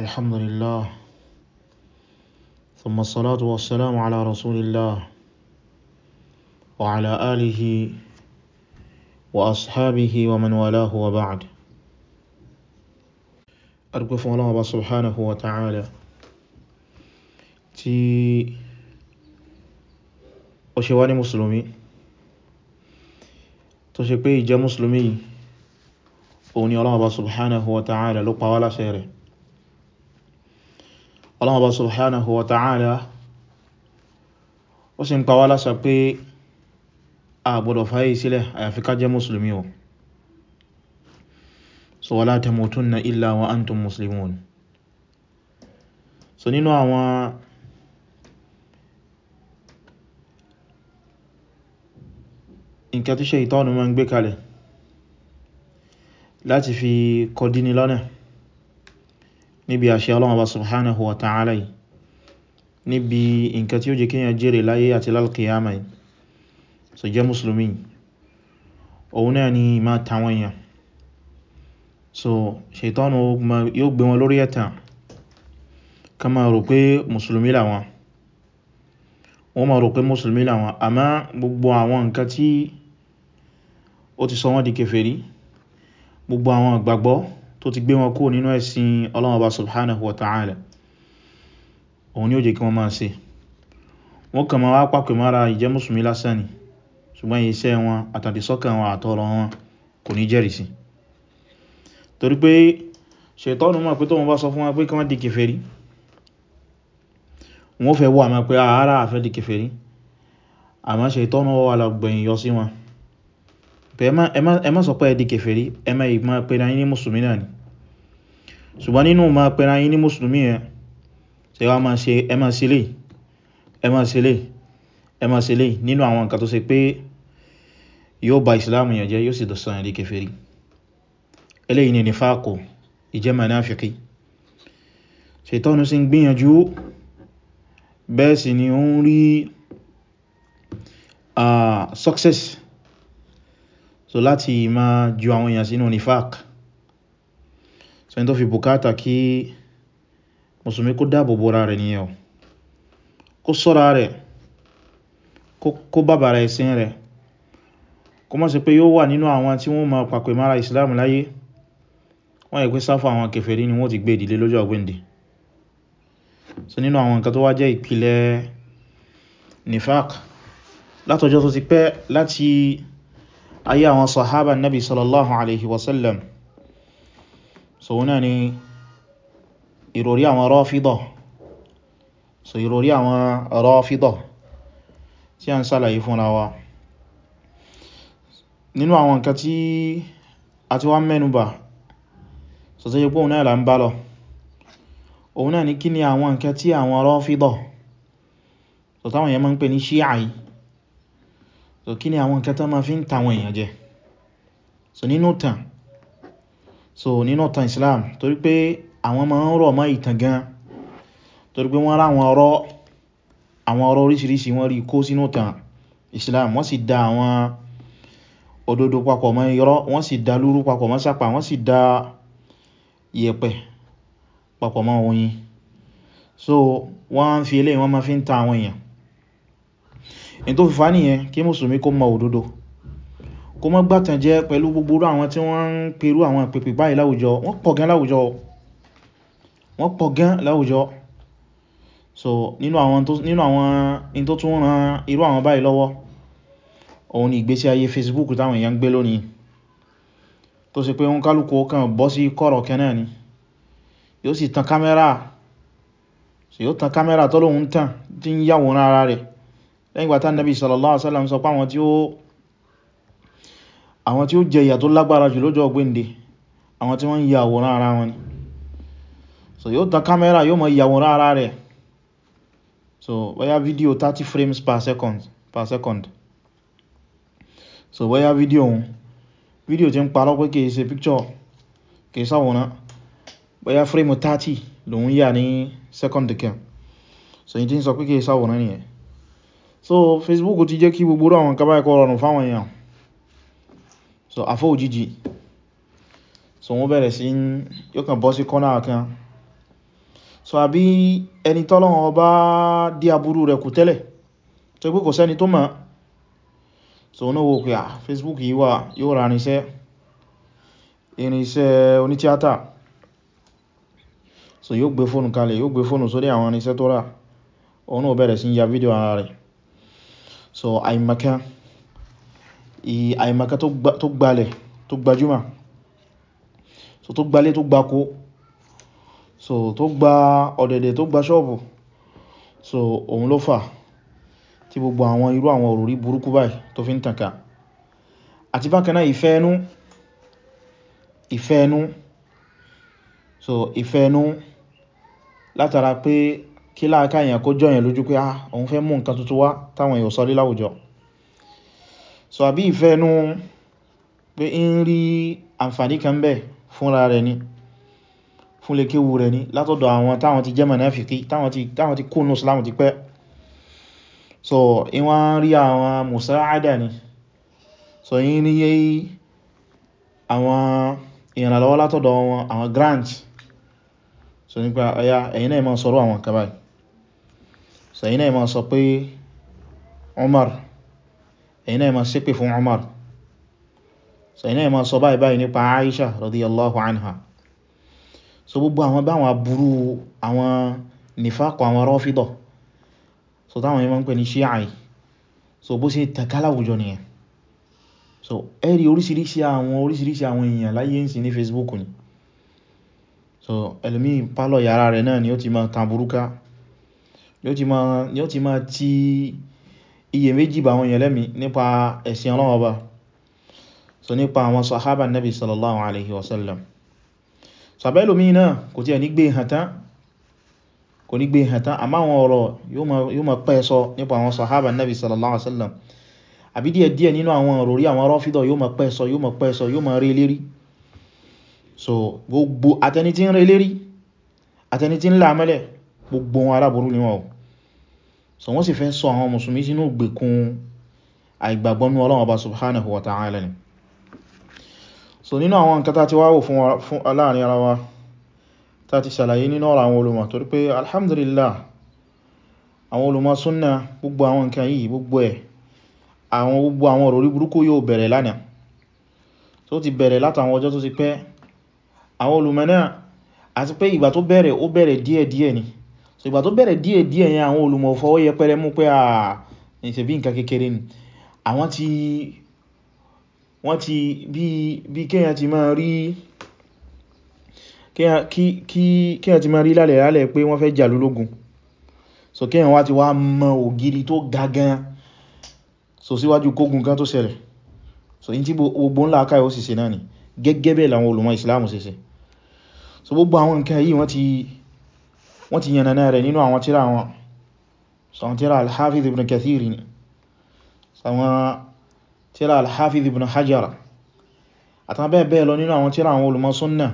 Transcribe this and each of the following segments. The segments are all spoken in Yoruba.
الحمد لله ثم الصلاة والسلام على رسول الله وعلى آله وأصحابه ومن والاه وبعد أرقف الله سبحانه وتعالى تي أشواني مسلمي تشكي جا مسلمي وني الله سبحانه وتعالى wa ta'ala Ọlọ́hun subhanahu wa ta'ala ó sì ń pa wá láṣẹ pé a gbọ́dọ̀ fàyè sílẹ̀ àyàfi ká jẹ́ mùsùlùmí o so wala tamutunna illa wa antum muslimun so nínú àwọn nǹkan tí Ṣaitọ́nù ń gbé kalẹ̀ láti fi kọdíni lọ́nà níbi àṣẹ Ọlọ́run Ọba subhanahu wa ta'ala yìí níbi nǹkan tí ó jẹ́ kíyàn jèrè láyé àti lálkìyàmà yìí so jẹ́ musulmi òun náà ni ma tàwọn èèyàn so ṣètọ́nù yóò gbé wọn lórí ẹ̀tàn ká ma rò pé musulmi làwọn wọ́n ma rò pé musulmi làwọn àmá gbogbo àwọn nǹkan tí ó ti sọ wọ́n di kèfèrí gbogbo àwọn ìgbàgbọ́ tó ti gbé wọn kúrò nínú ẹ̀sìn Ọlọ́run subhanahu wa ta'ala òun ni ó jẹ́ kí wọ́n máa ṣe wọ́n kàn máa wá pàpẹ̀ mára ìjẹ́ mùsùlùmí lásán ni ṣùgbọ́n iṣẹ́ wọn àtàdìsọ́kàn wọn àtọ̀rọ̀ wọn kò ní jẹ́rìsí torí pé ṣètọ́nù mọ̀ pé tó wọ́n bá sọ fún wọn pé kí wọ́n di kèfèrí wọ́n fẹ́ wà máa pé ara àfẹ́ di kèfèrí àmọ́ ṣètọ́nù wà lọ gbẹ̀yìn yọ sí wọn pé ẹ má sọ pé ẹ di kèfèrí ẹ má ìmá pẹ̀lá yín ní mùsùlùmí náà ni ṣùgbọ́n nínú ma pẹ̀lá yín ní mùsùlùmí ẹ ṣe wá máa ṣe ẹ máa ṣe lè ẹ máa ṣe lè ẹ máa ṣe lè nínú àwọn nǹkan tó ṣe pé yóò ba ìsìláàmù yẹn jẹ́ yóò sì dọ̀sán ẹ̀ di kèfèrí eléyìí ni nífàkù ìjẹ́ mùnáfíkí ṣètọ́nù sí ń gbìyànjú bẹ́ẹ̀ sì ni ó ń rí success so láti má ju àwọn èèyàn sínú nifaq so ẹni tó fi bùkátà kí mùsùlùmí kó dáàbò bóra rẹ̀ nìyẹn kó ṣọ́ra rẹ̀ kó bàbàrà ẹ̀sìn rẹ̀ kó má ṣe pé yóò wà nínú àwọn tí wọ́n ma pàpè mára islam láyé wọ́n yẹ pé sáfà àwọn kèfèrí ni wọ́n ti gbé ìdílé lọ́jọ́ ọgbẹ́ndì so nínú àwọn nǹkan tó wá jẹ́ ìpìlẹ̀ nifaq látọjọ́ tó ti pẹ́ láti ayé àwọn sahaba nabi sallallahu alaihi wasallam so wọ́n ni ìròrí àwọn rọ́fídọ̀ so ìròrí àwọn rọ́fídọ̀ tí a ń sálàyé fúnra wa nínú àwọn nǹkan tí a ti wá mẹ́nubà so tó yẹ pé òun náà ń bá lọ òun náà ni kí ni àwọn nǹkan tí àwọn rọ́fídọ̀ so táwọn yẹn máa ń pè ní ṣíà yìí so kí ni àwọn nǹkan tán ma fi ń tàwọn èèyàn jẹ so nínú tàn so nínú tàn Islam torí pé àwọn ma ń rọ̀ mọ́ ìtàn gan torí pé wọ́n ráwọn ọ̀rọ̀ àwọn ọ̀rọ̀ oríṣiríṣi wọ́n rí kó sínú tàn Islam wọ́n sì da àwọn òdodo papọ̀ mọ́ irọ́ wọ́n sì da lúrú papọ̀ mọ́ sápà wọ́n sì da yẹ̀pẹ̀ papọ̀ mọ́ oyin so wọ́n fi eléyìí wọ́n ma fi ń ta àwọn èèyàn in tó fìfà nìyẹn kí mùsùlùmí kó mọ òdodo kó má gbàtànjẹ́ pẹ̀lú gbogbo àwọn tí wọ́n ń perú àwọn pèpè báyìí láwùjọ wọ́n pọ̀ gan láwùjọ wọ́n pọ̀ gan láwùjọ so nínú àwọn in tó tún ran irú àwọn báyìí lọ́wọ́ òun ni ìgbésí ayé Facebook táwọn èèyàn ń gbé lónìí tó sì pé òun kálùkù kan bọ́ sí kọ̀rọ̀ kan náà ni yóò sì tan kámẹ́rà yóò tan kámẹ́rà tọ́lóhun tàn tí ń yàwòrán ara rẹ̀ lẹ́yìngbàtá nabi sallallahu alaihi wasallam sọ pé àwọn tí ó jẹ ìyà tó lágbára jù lọ́jọ́ ọgbẹ́ndẹ̀ àwọn tí wọ́n ń ya àwòrán wọn ni so yóò ta kámẹ́rà yóò mọ̀ ìyàwòrán ara rẹ̀ so bóyá fídíò 30 frames per second per second so bóyá fídíò ohun fídíò tí ń parọ́ pé kìí ṣe picture kìí sáwòrán bóyá frame 30 lòun yà ní second kẹ so yìí tí ń sọ pé kìí sáwòrán nìyẹn so Facebook ti jẹ́ kí gbogbo àwọn kaba ẹ̀kọ́ rọrùn fáwọn èèyàn so afọ́ òjìjì so wọ́n bẹ̀rẹ̀ sí yóò kàn bọ́ sí kọ́nà kan so àbí ẹni tọ́lọ́wọ́n bá dí aburú rẹ̀ kù tẹ́lẹ̀ tó pé kò sẹ́ni tó mọ̀ so ní owó pé à Facebook yìí wà yóò ra irinṣẹ́ irinṣẹ́ onítíátà so yóò gbé fóònù kalẹ̀ yóò gbé fóònù sórí àwọn irinṣẹ́ tó rà òun náà bẹ̀rẹ̀ sí ya fídíò ara rẹ̀ so àìmọ̀kan àìmọ̀kan tó gbalẹ̀ tó gbajúmọ̀ so tó gbalé tó gbakó so tó gba ọ̀dẹ̀dẹ̀ tó gba ṣọ́ọ̀bù so òun ló fà tí gbogbo àwọn irú àwọn òrùrí burúkú báyìí tó fi ń tàn ká àti bákanáà ìfẹ́ ẹnu ìfẹ́ ẹnu so ìfẹ́ ẹnu látara kí láàká èyàn kó jọyàn lójú pé ah òun fẹ́ mú nǹkan tuntun wá táwọn èyàn sọ rí láwùjọ so àbí ìfẹ́ inú pé in rí àǹfàní kan bẹ̀ fúnra rẹ̀ ni fún lè kíwù rẹ̀ ni látọ̀dọ̀ àwọn táwọn ti jẹ́ mùnáfìkí táwọn ti kúnnù Ìsìlámù ti pẹ́ so in rí àwọn mùsáàdà ni so in rí àwọn ìrànlọ́wọ́ látọ̀dọ̀ àwọn grant so nípa ọya ẹ̀yin náà ma sọ̀rọ̀ àwọn kàbáyì so ẹ̀yin náà ma sọ pé Umar ẹ̀yin náà ma ṣépè fún Umar so ẹ̀yin náà ma sọ báyìí báyìí nípa Aisha radiyallahu anha so gbogbo àwọn báwọn aburú àwọn nifaqo àwọn Rafida so táwọn yẹn ń pè ní Shi'ai so bó ṣe tàkálà àwùjọ so ẹ̀rí oríṣiríṣi àwọn oríṣiríṣi àwọn èèyàn láyé ń sí ní Facebook ni so ẹlòmí pálọ̀ yàrá rẹ̀ náà ni ó ti ma kan yóò ti máa yóò ti máa ti iye méjì bá wọn yẹn lẹ́mi nípa ẹ̀sìn Ọlọ́run Ọba so nípa àwọn sahaba nabi sallallahu alaihi wasallam sàbẹ́ lómi náà kò tí ẹ̀ ní gbé hàtán kò ní gbé hàtán àmá àwọn ọ̀rọ̀ yóò máa pẹ́ sọ nípa àwọn sahaba nabi sallallahu wasallam àbí díẹ̀ díẹ̀ nínú àwọn òròrí àwọn rọ́fídọ̀ yóò máa pẹ́ sọ yóò máa pẹ́ sọ yóò máa rí lérí so gbogbo atẹni tí ń rí lérí atẹni tí ń là mẹ́lẹ̀ gbogbo wọn aláburú ni wọ́n so wọ́n sì fẹ́ sọ àwọn mùsùlùmí sínú gbèkùn àìgbàgbọ́ nínú Ọlọ́run Ọba subhanahu wa ta'ala ni so nínú àwọn nǹkan tá ti wá wò fún aláàrin ara wa tá ti ṣàlàyé nínú ọ̀rọ̀ àwọn olùmọ̀ torí pé alhamdulillah àwọn olùmọ̀ súnnà gbogbo àwọn so ìgbà tó bẹ̀rẹ̀ díẹ̀ díẹ̀ yẹn àwọn olùmọ̀ fọwọ́ yẹpẹrẹ mú pé àà ìṣẹ̀ bí nǹkan kékeré ni àwọn tí wọ́n ti bí kíyàn ti máa rí kíyàn ti máa rí lálẹ̀ lálẹ̀ pé wọ́n fẹ́ jà lólógun so kíyàn wá ti wá mọ ògiri tó ga so síwájú kógun kan tó ṣẹlẹ̀ so in tí gbogbo ńlá akáyọ̀ ó sì ṣe náà ni gẹ́gẹ́ bẹ́ẹ̀ làwọn olùmọ̀ ìsìláàmù ṣe ṣe so gbogbo àwọn nǹkan yìí wọ́n ti wọ́n ti yànnà rẹ̀ nínú àwọn tíra wọn sọ̀wọ́n tíra al-hafiz ibn kathiri ni sọ̀wọ́n tíra al-hafiz ibn hajar àtàwọn bẹ́ẹ̀ bẹ́ẹ̀ lọ nínú àwọn tíra àwọn olùmọ̀ súnnà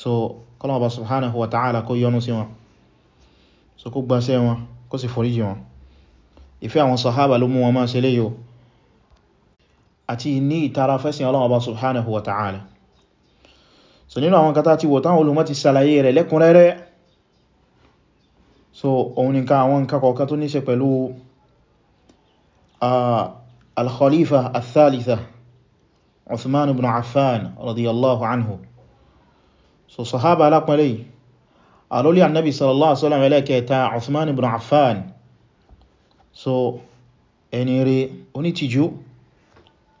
so kọlọ̀ọ̀bà subhanahu wa ta'ala kó yọ́nú sí wọn so kó gbáṣẹ́ wọn kó sì foríjì wọn ìfẹ́ àwọn sahaba ló mú wọn máa ṣe léyò àti ní ìtara fẹ́sìn ọlọ́ọ̀bà subhanahu wa ta'ala so nínú àwọn kata ti wò táwọn olùmọ̀ ti ṣàlàyé rẹ̀ lẹ́kùnrẹ́rẹ́ so òun nìkan àwọn nǹkan kọ̀ọ̀kan tó ní ṣe pẹ̀lú al-khalifa al-thalitha Uthman ibn Affan radiyallahu anhu so sahaba alápẹ́lẹ̀ yìí alórí annabi sallallahu alaihi wasallam ẹlẹ́kẹta Uthman ibn Affan so ẹni rẹ̀ onítìjú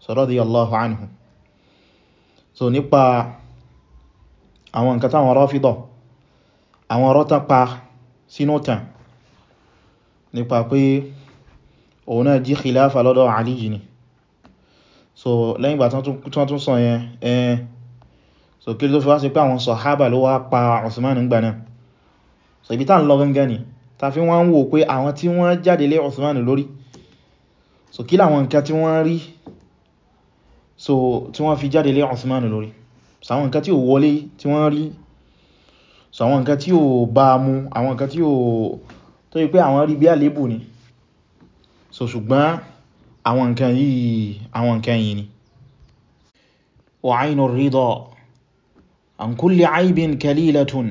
so radiyallahu anhu so nípa àwọn nǹkan táwọn Rāfidah àwọn rota pa sínú tàn nípa pé òun náà jí khilafa lọ́dọ̀ Ali yìí ni so lẹ́yìn ìgbà tán tún sọ yẹn ẹn so kí ló fi wá sí pé àwọn sọ̀hábà ló wá pa Usman nígbà náà so ibi tá ń lọ gangan ni ta fi wọ́n ń wò pé àwọn tí wọ́n jáde lé Usman lórí so kí láwọn nǹkan tí wọ́n rí so tí wọ́n fi jáde lé Usman lórí so àwọn nǹkan tí ò wọlé tí wọ́n rí so àwọn nǹkan tí ó bá mú àwọn nǹkan tí ó tó yí pé àwọn rí bí àlébù ni so ṣùgbọ́n àwọn nǹkan yi àwọn nǹkan yìí ni wa aynu rida an kulli aibin kalilatun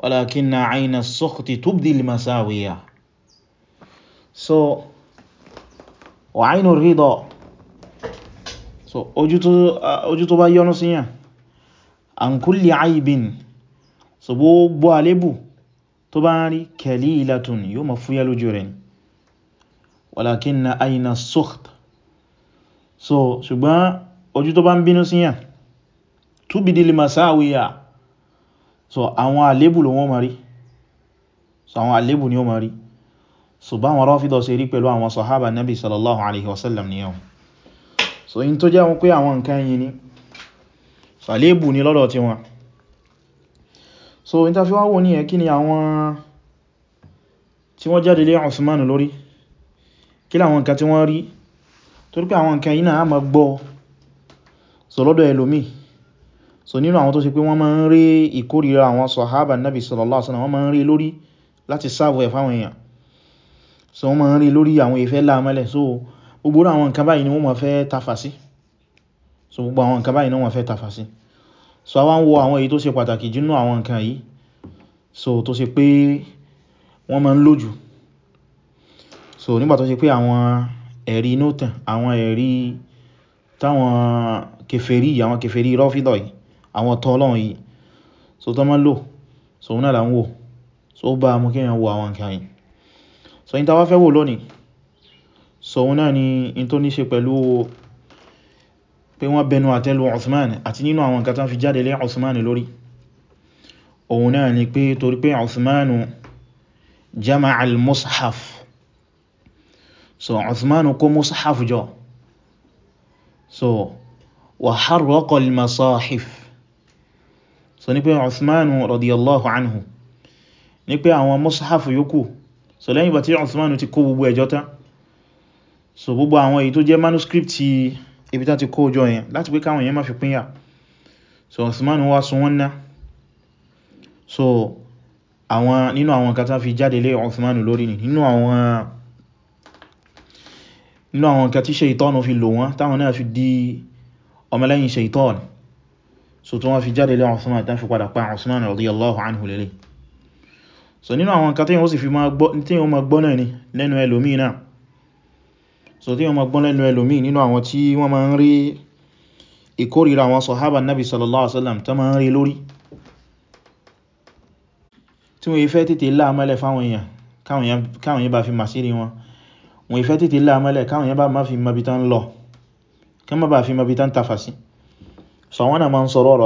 walakinna ayna as-sukhti tubdi al-masawiya so wa aynu rida so ojú tó bá yọ́nú síyàn an kulli aibin so gbogbo àlébù tó bá ń rí kẹ̀lí ìlàtún yóò mọ̀ fúyẹ́ lójú rẹ̀ ni wàlákín na àyínà sọ́t so ṣùgbọ́n ojú tó bá ń bínú síyàn túbìdí lè máa sáàwìyà so àwọn àlébù ló wọ́n ma rí so àwọn àlébù ni ó ma rí so bá wọn rọ́fídọ̀ sí rí pẹ̀lú àwọn sọ̀hábà nabi sallallahu alaihi wasallam ni yau so in tó jẹ́ wọn pé àwọn nǹkan yìí ni so àlébù ni lọ́dọ̀ tí wọn so in ta fi wá wò ní ẹ̀ ni àwọn tí wọ́n jáde lé Usman lórí kí láwọn nǹkan tí wọ́n rí torí pé àwọn nǹkan yìí náà a gbọ́ so lọ́dọ̀ ẹlòmí so nínú àwọn tó ṣe pé wọ́n máa ń rí ìkórìíra àwọn sọ̀hábà nabi sallallahu so wọ́n máa ń rí lórí àwọn so gbogbo àwọn nǹkan báyìí ni wọ́n so gbogbo àwọn nǹkan báyìí ni wọ́n so a wá ń wo àwọn èyí tó ṣe pàtàkì jù nínú àwọn nǹkan yìí so tó ṣe pé wọ́n máa ń lò jù so nígbà tó ṣe pé àwọn ẹ̀rí inú tàn àwọn ẹ̀rí táwọn kèfèrí àwọn kèfèrí rọ́fídọ̀ yìí àwọn tọ́lọ́run yìí so tó máa ń lò so náà wò so bá mú kí èèyàn wo àwọn nǹkan yìí so yí ta wá fẹ́ wò lónìí so náà ni in tó ní ṣe pẹ̀lú pé wọ́n bẹnu àtẹ́lù Uthman àti nínú àwọn nǹkan tán fi jáde lé Uthman lórí òun náà ni pé torí pé Uthman jama al-mushaf so Uthman kó mushaf jọ so wa harraqa al-masahif so ní pé Uthman radiyallahu anhu ní pé àwọn mushaf yòókù so lẹ́yìn bá tí Uthman ti kó gbogbo ẹjọ́ so gbogbo àwọn èyí tó jẹ́ manuscript ibi tán ti kójọ yẹn láti pé káwọn èèyàn má fi pínyà so Usman wá sun wọ́n ná so àwọn nínú àwọn kan tán fi jáde lé Usman lórí ni nínú àwọn nínú àwọn kan tí Ṣaitọ́nù fi lò wọ́n táwọn náà fi di ọmọlẹ́yìn Ṣaitọ́nù so tó wọ́n fi jáde lé Usman tán fi padà pa Usman radiyallahu anhu lélẹ̀ so nínú àwọn kan tí wọ́n sì fi máa gbọ́ náà ni lẹ́nu ẹlòmí náà so tí wọ́n ma gbọ́n lẹ́nu ẹlòmí nínú àwọn tí wọ́n ma ń rí ìkórìíra àwọn sọ̀hábà nabi sallallahu alaihi wasallam tó ma ń rí lórí tí wọ́n ìfẹ́ tètè láàmọ́lẹ̀ fáwọn èèyàn káwọn yẹn bá fi màsírí wọn wọ́n ìfẹ́ tètè láàmọ́lẹ̀ káwọn yẹn bá má fi mọbi tán lọ kán má bá fi mọbi tán tafàsí so àwọn náà ma ń sọ̀rọ̀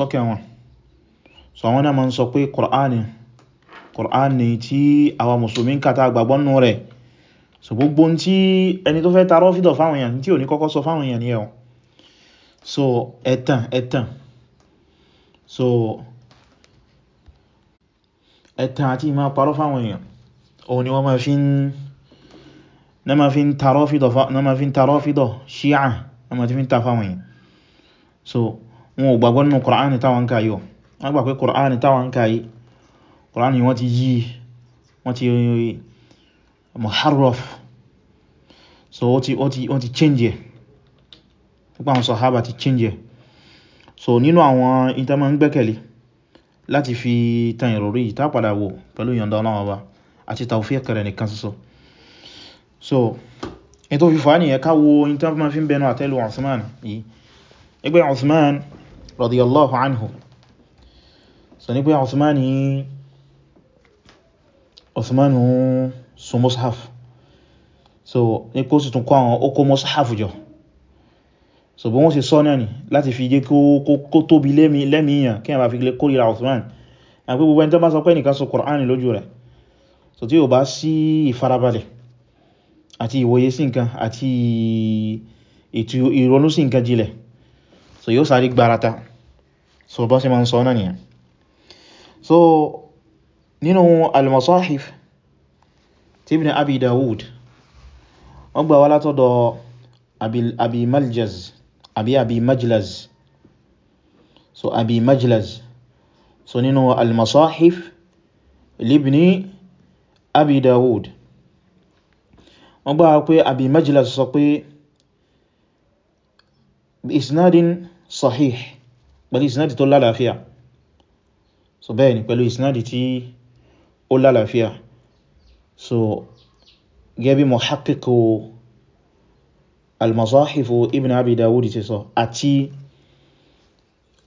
ọ̀rọ̀ so àwọn náà ma ń sọ pé Kùránì Kùránì tí àwa mùsùlùmí ń kàtà àgbàgbọ́ nù rẹ̀ so gbogbo tí ẹni tó fẹ́ ta rọ́fídọ̀ fáwọn èèyàn tí ò ní kọ́kọ́ sọ fáwọn èèyàn ní ẹ̀ so ẹ̀tàn ẹ̀tàn so ẹ̀tàn àti ìmá parọ́ fáwọn èèyàn òun ni wọ́n ma fi ń na ma fi ń ta rọ́fídọ̀ ṣíà na ma fi ń ta fáwọn èèyàn so wọn ò gbàgbọ́ nínú Kùránì táwọn káyọ̀ wọ́n gbà pé Kùránì táwọn ń káyí Kùránì wọ́n ti yí wọ́n ti muharraf so wọ́n ti change ẹ̀ púpọ̀ àwọn sọ̀hábà ti change ẹ̀ so nínú àwọn ìtàmà ń gbẹ́kẹ̀lé láti fi tan ìròrí ìtàpadà wò pẹ̀lú ìyọ̀ndà Ọlọ́run Ọba àti tawfiq rẹ̀ nìkan ṣoṣo so in tó fi fà ní ẹka wo ìtàmà fi ń bẹnu àtẹ́lù Uthman yìí ẹgbẹ́ Uthman radiyallahu anhu so ní pé Uthmani Uthmani ń mushaf so ni pé ó sì tún kó àwọn mushaf jọ so bí wọ́n sì sọ náà ni lati fi jẹ́ kó lemi lẹ́mìíyàn kí a bá fi lè kórìíra Uthmani àpé gbogbo ẹni tó bá sọ pé nìkan sọ Kùránì lójú rẹ̀ so tí ó bá sí ìfarabalẹ̀ ati ìwòye sí nǹkan àti ètò ìrònú nǹkan jílẹ̀ so yóò sáré gbárata so bá ṣe ma ń sọ náà nìyàn so nínú al-masahif ti ibn abi dawud wọ́n gbà wá látọ̀dọ̀ abi maljaz abi abi majlaz so abi majlaz so nínú al-masahif libni abi dawud wọ́n gbà pé abi majlaz sọ pé isnadin sahih pẹ̀lú isnadin tó lálàáfíà so bẹ́ẹ̀ ni pẹ̀lú isnadi tí ó lálàáfíà so gẹ́bí muhaqqiqu al-mazahifu ibn abi dawud ti sọ àti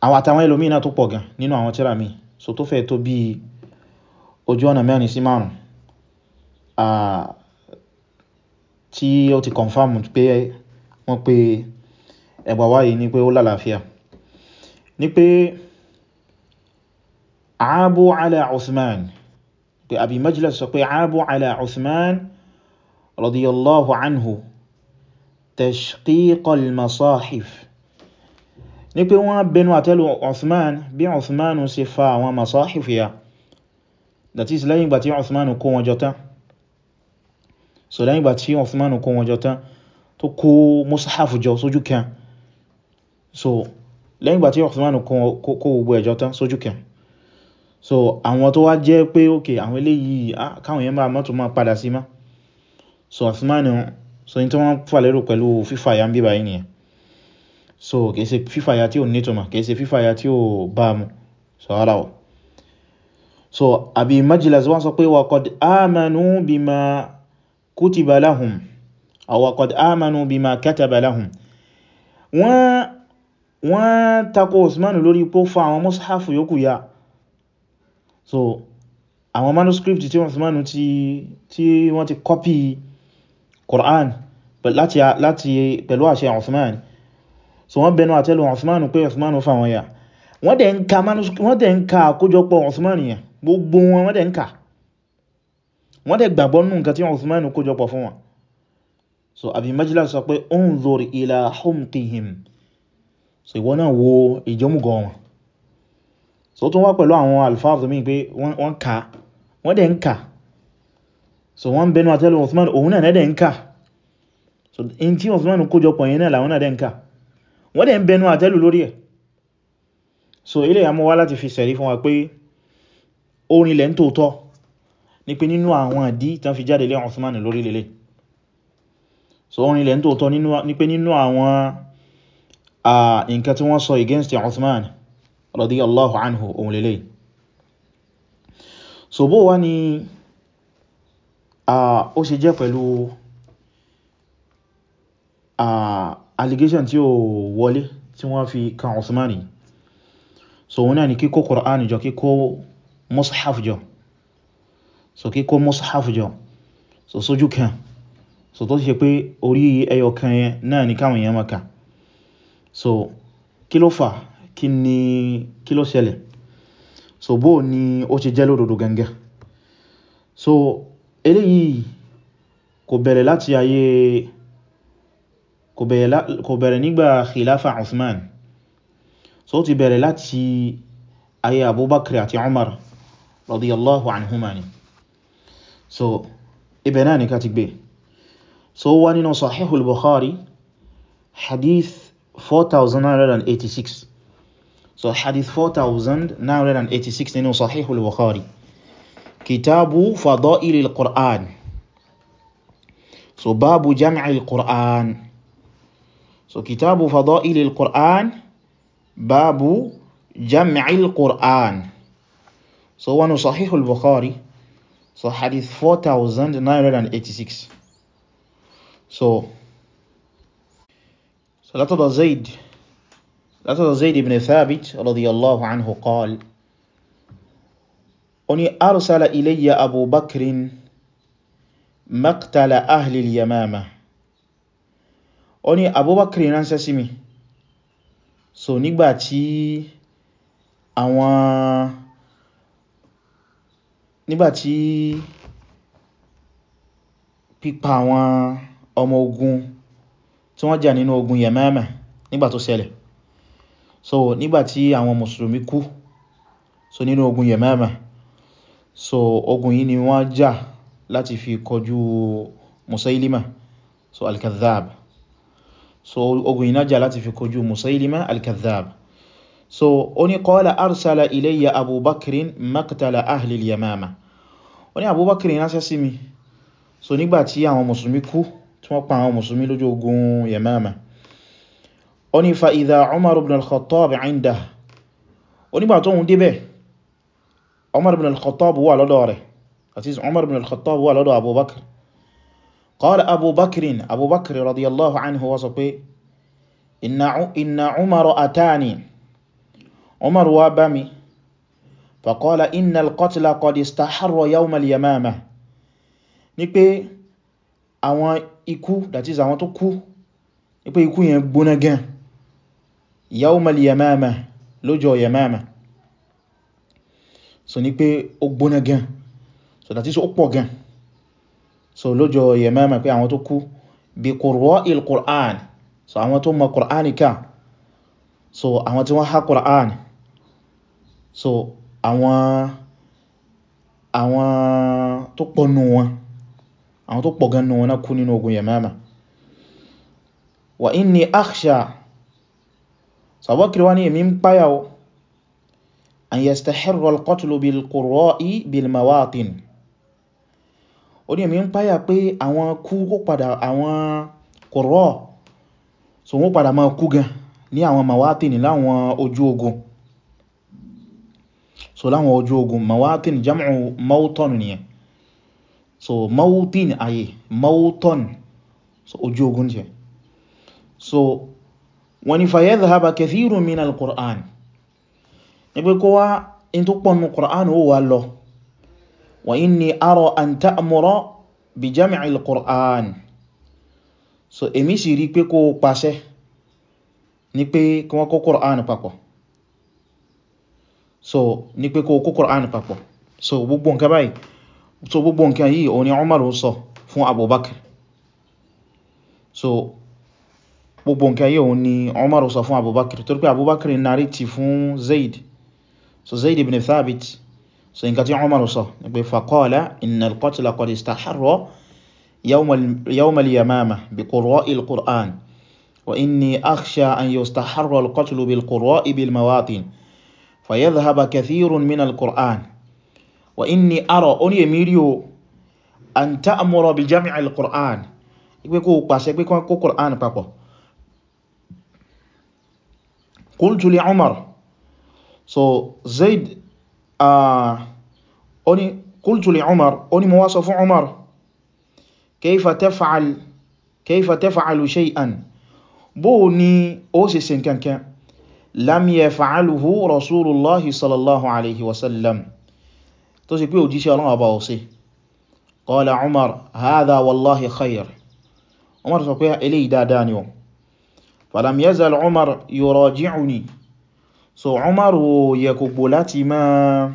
àwọn àtàwọn ẹlòmínà tó pọ̀ gan nínú àwọn tírà mi so tó fẹ́ tó bí ojú ọ̀nà mẹ́rin sí márùn tí ó ti confirm pé wọ́n pé ẹgbàwáyìí ni pé ó lálàáfíà ni pé عابوا على عثمان pé Abi Majla sọ pé عابوا على عثمان رضي الله عنه تشقيق المصاحف ní pé wọ́n bẹnu àtẹ́lù Uthman bí Uthman ṣe fa àwọn masahif ya that is lẹ́yìn ìgbà tí Uthman kó wọn jọ tán so lẹ́yìn ìgbà tí Uthman kó wọn jọ tán tó kó musahafu jọ sójú kan so lẹ́yìn ìgbà tí Uthman kó gbogbo ẹ̀jọ tán sójú kan so àwọn tó wá jẹ́ pé okay àwọn eléyìí ah, káwọn èèyàn bá mọ́tún máa padà sí má so Uthman so in tí wọ́n fà lérò pẹ̀lú fífàyà ń bíbà yìí nìyẹn so kìí ṣe fífàyà tí ò nítumọ̀ kìí ṣe fífàyà tí ò bá mu so ara ọ̀ so àbí majlis wọ́n sọ pé waqad amanu bima kutiba lahum aw waqad amanu bima kataba lahum wọ́n wọ́n tako Uthman lórí pé ó fa àwọn mọ́sáfù yókù so àwọn manuscript tí Uthmanu tí wọ́n ti kọ́pì Qur'an láti pẹ̀lú àṣẹ Uthman so wọ́n bẹnu àtẹ́lù Uthmanu pé Uthmanu fà wọ́n yà wọ́n dẹ̀ ń ka àkójọpọ̀ Uthman yẹn gbogbo wọn wọ́n dẹ̀ ń ka wọ́n dẹ̀ gbàgbọ́ nù nǹkan tí Uthmanu kójọpọ̀ fún wọn so Abi Majlal sọ pé unzur ila humqihim so ìwọ náà wo ìjọmúgọ wọn so tún wá pẹ̀lú àwọn alfáàzù mi pé wọ́n ká wọ́n dẹ̀ ń ká so wọ́n bẹnu àtẹ́lù Uthman òun náà dẹ̀ ń ká so in tí Uthman kójọpọ̀ yẹn náà làwọn náà dẹ̀ ń ká wọ́n dẹ̀ ń bẹnu àtẹ́lù lórí ẹ̀ so ilé ya mọ́ wá láti fi sẹ̀rí fún wa pé orin ilẹ̀ ń tòótọ́ ní pé nínú àwọn àdí tán fi jáde lé Uthman lórí lélẹ̀ so orin ilẹ̀ ń tòótọ́ ní pé nínú àwọn nǹkan tí wọ́n sọ against Uthman radiyallahu anhu òun lélẹ̀ so bó wá ni ó ṣe jẹ́ pẹ̀lú allegation tí ó wọlé tí wọ́n fi kan Usmani so wọ́n náà ni kíkó Qur'an jọ kíkó mushaf jọ so kíkó mushaf jọ so sójú kan so tó ṣe pé orí ẹyọ kan yẹn náà ni káwọn èèyàn máa so kí kí ni kí ló ṣẹlẹ̀ so bó ni ó ṣe jẹ́ lódodo gangan so eléyìí kò bẹ̀rẹ̀ láti ayé kò bẹ̀rẹ̀ nígbà khilafa Uthman so ó ti bẹ̀rẹ̀ láti ayé Abubakar àti Umar radiyallahu anhuma so ibẹ̀ náà ni ká ti gbé so wá nínú Sahihul Bukhari hadith 4986 So hadith 4986 nínú Sahihul Bukhari. Kitabu Fadaili al-Qur'an. So babu jam'i al-Qur'an. So kitabu Fadaili al-Qur'an babu jam'i al-Qur'an. So wọnú Sahihul Bukhari. So hadith 4986. So so látọ̀dọ̀ Zaid látọ̀dọ̀ zaid ibn thabit radiyallahu anhu qal oni arsala ilayya abu bakrin maktala ahli al-yamama oni abubakar ránṣẹ́ sí mi so nígbàtí àwọn nígbàtí pípa àwọn ọmọ ogun tí wọ́n jà nínú ogun yamama nígbà tó ṣẹlẹ̀ so nígbàtí àwọn mùsùlùmí kú so nínú ogun Yemama so ogun yìí ni wọ́n jà láti fi kọjú Musailima so al so ogun yìí náà jà láti fi kọjú Musailima al so ó ní qala arsala ilayya Abubakirin maqtala ahli al-Yamama ó ní Abubakirin ránṣẹ́ sí mi so nígbàtí àwọn mùsùlùmí kú tí wọ́n pa àwọn mùsùlùmí lójú ogun Yemama ó ní fa idha Umar ibn al-Khattab 'indah onígbà tó ń débẹ̀ Umar ibn al-Khattab wà lọ́dọ̀ rẹ̀ àti Umar ibn al-Khattab wà lọ́dọ̀ Abu Bakr qala Abu Bakrin Abu Bakr radiyallahu anhu wá sọ pé inna Umar atani Umar wá bá mi faqala inna al-qatla qad istaharra yawm al-yamama ikú yẹn gbóná yawmal yamama lọ́jọ́ yamama so ní pé ó gbóná gan so that is ó pọ̀ gan so lọ́jọ́ yamama pé àwọn tó kú bí qurra'il qur'an so àwọn tó mọ̀ qur'an ká so àwọn tí wọ́n há qur'an so àwọn tó pọ̀ nù wọn àwọn tó pọ̀ gan nù wọn náà kú nínú ogun yamama wa inni akhsha sàbọ́kiri wá ní èmi ń páyà o an yastahirra al-qatlu bil-qurra'i bil-mawatin ó ní èmi ń páyà pé àwọn kú kó padà àwọn qurra so wọ́n padà máa kú gan ní àwọn mawatin láwọn ojú ogun so láwọn ojú ogun mawatin jam'u mawton nìyẹn so mawtin ayé mawton so ojú ogun jẹ so wọ́n ni fayadhhaba kathirun min al-Qur'an ní pé kó wá in tó pọ̀nù Qur'an ó wà lọ wa inni ara an ta'mura bi jam'i al-Qur'an so èmi sì rí pé kó pàṣẹ ní pé kí wọ́n kó Qur'an papọ̀ so ní pé kó kó Qur'an papọ̀ so gbogbo nǹkan báyìí so gbogbo nǹkan yìí ó ní Umar sọ fún Abubakar so gbogbo nke ayé òun ni Umaru sọ fún Abubakar tó pé Abubakar narí ti fún Zaid so Zaid ibn Thabit so nǹkan tí Umaru sọ ní pé iná innal qatla qad istaharra yawma al-yamama bi qurra'i al-Qur'an wa inni akhsha an yustaharra al-qatlu bil qurra'i bil mawatin fayadhhaba kathirun min al wa in ni arọ oni emirio an ta'mura bi jam'i al-Qur'an ipe kó pàṣẹ pé kó Qur'an ko pase pe ko quran papo qultu li Umar so Zaid ó uh, ní qultu li Umar ó ní mo wá sọ fún Umar kayfa taf'al kayfa taf'alu shay'an bó ní ó sì sin kankan lam yaf'alhu rasulullahi sallallahu alaihi wasallam tó sì pé òjíṣẹ́ Ọlọ́run ọba ò sí qala Umar hadha wallahi khair Umar sọ pé eléyìí dáadáa ni o falam yazal umar yuraji'uni so umar ó yẹ kògbò láti máa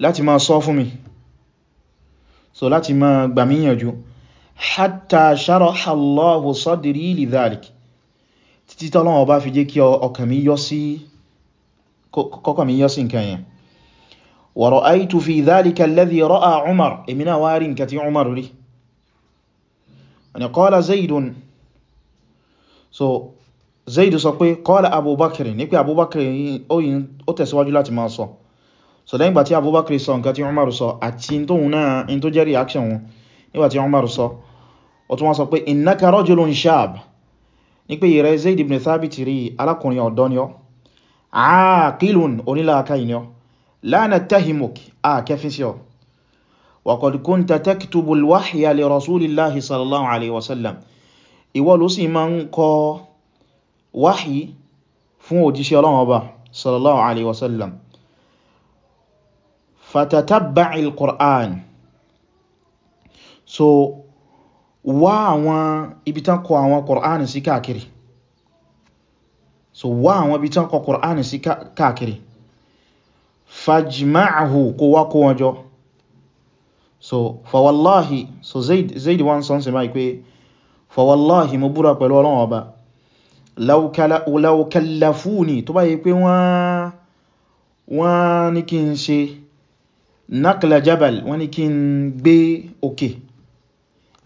láti máa sọ fún mi so láti máa gbàmíyànjú hatta sharaha Allahu sadri li dhalik títí tọ́lọ́wọ́ bá fi jẹ́ kí ọkàn mi yọ sí kọ́kọ́ mi yọ sí nǹkan yẹn wa ra'aytu fi dhalika alladhi ra'a umar èmì náà nǹkan tí umar rí wani qala zaidun so zaid sọ pé qala abubakir ní pé abubakir yìí ó tẹ̀síwájú láti máa sọ so lẹ́yìn gbà tí abubakir sọ nǹkan tí umar sọ àti tóhun náà in tó jẹ́ reaction wọn nígbà tí umar sọ ó tún wá sọ pé innaka rajulun shab ní pé ìrẹ zaid ibn thabit rí alákùnrin ọ̀dọ́ ni ọ́ aaqilun onílàáká ni ọ́ la nattahimuk àkẹfí sí ọ wa qad kunta taktubu al-wahya sallallahu alaihi wasallam ìwọ ló sì máa ń kọ wahyi fún òjíṣẹ́ Ọlọ́run Ọba sallallahu alaihi wasallam fatatabbaʿil Qur'an so wá àwọn ibi tán kọ àwọn Qur'an sí káàkiri so wá àwọn ibi tán kọ Qur'an sí káàkiri fajma'ahu kó wá kó wọn so fawallahi so Zaid Zaid wọ́n sọ́nsẹ̀ máa pé fọwọ́láhì mo búra pẹ̀lú ọlọ́run ọba láukàlàfúni tó bá yí pé wọ́n ní kí n ṣe nakla jabal wọ́n ní kí n gbé òkè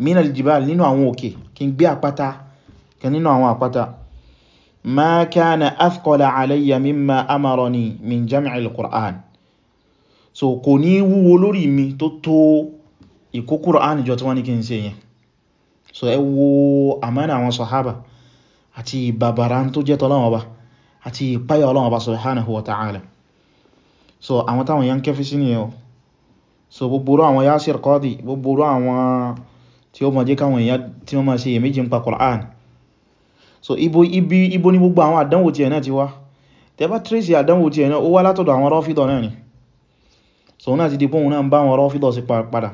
minal jibal nínú àwọn òkè kí n gbé àpáta kan nínú àwọn àpáta ma kana athqala alayya mimma amarani min jam'il qur'an so kò ní wúwo lórí mi tó tó ìkó qur'an jọ tí wọ́n ní kí n ṣe yẹn so ẹ wo àmánà àwọn sọ̀hábà àti bàbàrà tó jẹ́ tọ́lọ́wọ́ ọba àti ìpáyà Ọlọ́run ọba subhanahu wa so àwọn táwọn ya kẹfí sí nìyẹn so gbogboro àwọn Yasir Qadi gbogboro àwọn tí ó mọ̀ jẹ́ káwọn èèyàn tí wọ́n so ibo ibi ibo ní gbogbo àwọn àdánwò tí ẹ̀ náà ti wá tẹ́bá tracy àdánwò tí ẹ̀ náà so náà ti di pé òun náà ń bá àwọn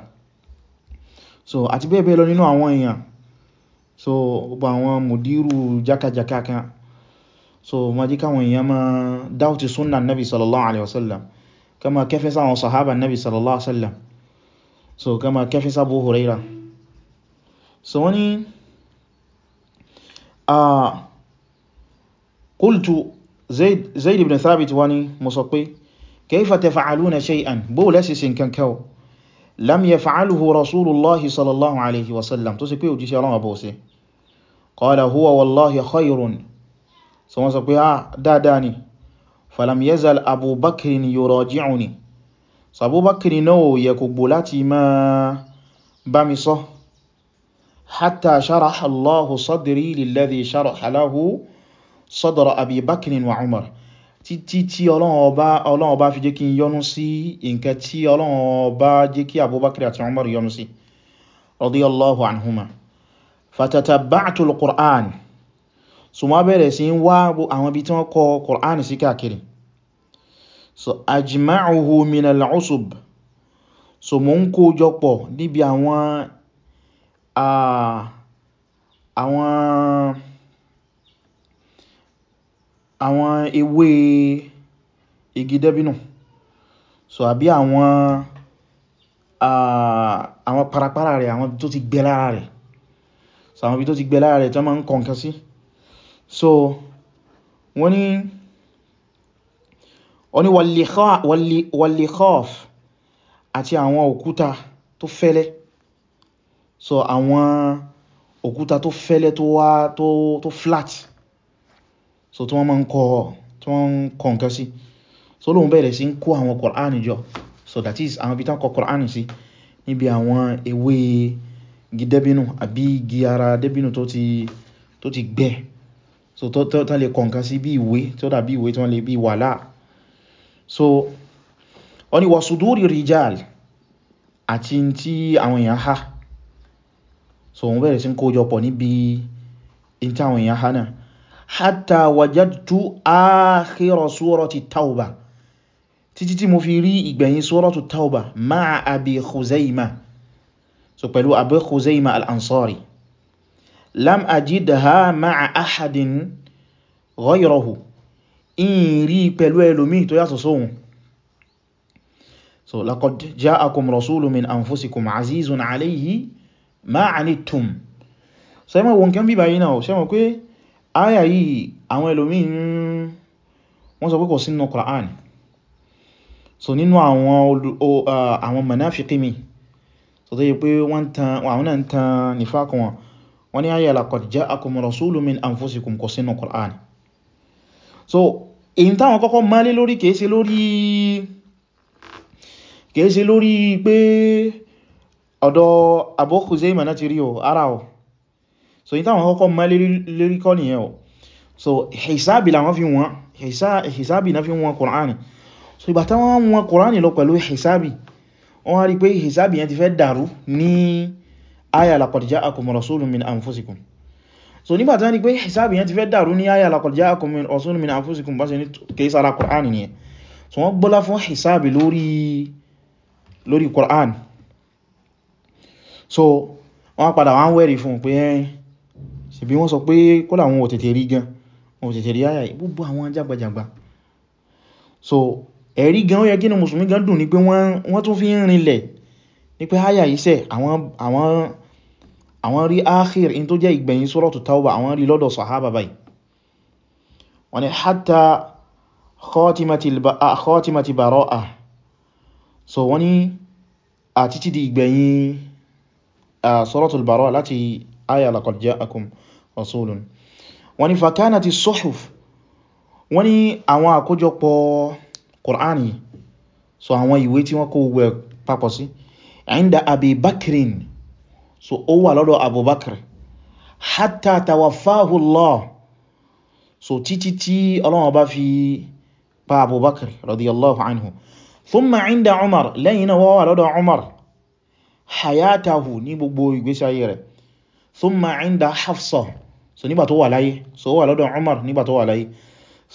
so àti bẹ́ẹ̀ bẹ́ẹ̀ lọ nínú àwọn èèyàn so gbogbo àwọn mùdírù jákàjákà kan so ma jí káwọn èèyàn ma dáútì súnnà nabi sallallahu alaihi wasallam kama kẹfẹ́ sáwọn sahaba nabi sallallahu alaihi wasallam so kama kẹfẹ́ sábò huraira so wani a qultu zaid zaid ibn thabit wani mo sọ pé kayfa taf'aluna shay'an bó lẹ́sìsìn kankan lam yaf'alhu rasulullahi sallallahu alaihi wasallam tó sì pé òjíṣẹ́ ọlọ́run ọba òsì qala huwa wallahi khairun so wọ́n sọ pé ah dáadáa ni falam yazal abubakrin yuraji'uni so abubakrin náà yẹ kò gbò láti máa bá mi sọ hatta sharaha allahu sadri lilladhi sharaha lahu sadra abi bakrin wa umar títí tí Ọlọ́run Ọba fi jẹ́ kí n yọ́nú sí nǹkan tí Ọlọ́run Ọba jẹ́ kí Abubakar àti Umar yọ́nú sí radiyallahu anhuma fatatabba'tu al-Qur'an so ma bẹ̀rẹ̀ sí ń wá àwọn ibi tí wọ́n kọ Qur'an sí káàkiri so ajma'uhu min al so mo ń kó jọpọ̀ níbi àwọn àwọn àwọn ewé igi dẹ́bínù so àbí àwọn àwọn parapara rẹ̀ àwọn ibi tó ti gbẹ lára rẹ̀ so àwọn ibi tó ti gbẹ lára rẹ̀ tó máa ń kọ sí so wọ́n ni wọ́n ni wal-likhāf àti àwọn òkúta tó fẹ́lẹ́ so àwọn òkúta tó fẹ́lẹ́ tó wá tó flat so tí wọ́n ma ń kọ tí wọ́n ń kọ nǹkan sí so lóun bẹ̀rẹ̀ sí ń kó àwọn Qur'an jọ so that is àwọn bitán kọ Qur'an sí níbi àwọn ewé igi dẹ́bínú àbí igi ara dẹ́bínú tó ti tó ti gbẹ so tó lè kọ nǹkan sí bí ìwé tó dàbí ìwé tó lè bí wàlá so wọ́n ni wasuduri rijal àti tí àwọn èèyàn ha so wọ́n bẹ̀rẹ̀ sí ń kó jọ pọ̀ níbi in tí àwọn èèyàn ha náà حتى وجدت آخر سورة التوبة تجد مفيري إقبعين سورة التوبة مع أبي خزيمة سوكبلو أبي خزيمة الأنصاري لم أجدها مع أحد غيره إيري بلو ألمي تياسسون So, لقد جاءكم رسول من أنفسكم عزيز عليه ما عنيتم سيما وانكم بيبعينه سيما كوي áyà yìí àwọn ẹlòmíì wọ́n sọ pé kò sí nínú Qur'an so nínú àwọn manáfikí mi so tó yí pé àwọn náà ń tan nífàkù wọn wọ́n ní áyà laqad ja'akum rasulun min anfusikum kò sí nínú Qur'an so èyí táwọn kọ́kọ́ má lé lórí kèése lórí kèése lórí pé ọ̀dọ̀ Abu Khuzaymah náà ti rí o ara o so yí táwọn kọ́kọ́ mọ́ lérí kọ́ nìyẹn o so hisabi làwọn fi wọ́n hisabi na fi wọ́n kùránì so ìgbà táwọn wọ́n kùránì lọ pẹ̀lú hisabi wọ́n rí pé hisabi yẹn ti fẹ́ Daru ni aya laqad ja'akum rasulun min anfusikum so nígbà tán rí pé hisabi yẹn ti fẹ́ dàrú ní aya laqad ja'akum rasulun min anfusikum bá ṣe ní kìí sára kùránì nìyẹn so wọ́n gbọ́lá fún hisabi lórí lórí kùránì so wọ́n padà wọ́n wẹ́rí fún pé ṣebí wọ́n sọ pé kódà wọn ò tètè rí gan wọn rí àyà gbogbo àwọn jagbajagba so ẹ̀rí gan ó yẹ kí ni mùsùlùmí gan dùn ní pé wọ́n tún fi ń rinlẹ̀ ní pé àyà iṣẹ́ àwọn rí akhir in tó jẹ́ ìgbẹ̀yìn suratu tauba àwọn rí lọ́dọ̀ sahaba báyìí wọ́n ni hatta so wọ́n ni àtítí di ìgbẹ̀yìn suratul bara'a láti aya laqad ja'akum rasulun wọ́n ní fakana ti suhuf wọ́n ní àwọn àkójọpọ̀ so àwọn ìwé tí wọ́n kó gbogbo ẹ̀ papọ̀ inda abi so ó wà lọ́dọ̀ abubakar hatta tawaffahu Allah so títí tí Ọlọ́run bá fi pa abubakar radiyallahu anhu thumma inda umar lẹ́yìn náà wọ́n wà lọ́dọ̀ umar hayatahu ní gbogbo ìgbésí ayé rẹ̀ thumma inda hafsa so nígbà tó wà láyé so wà lọ́dọ̀ Umar nígbà tó wà láyé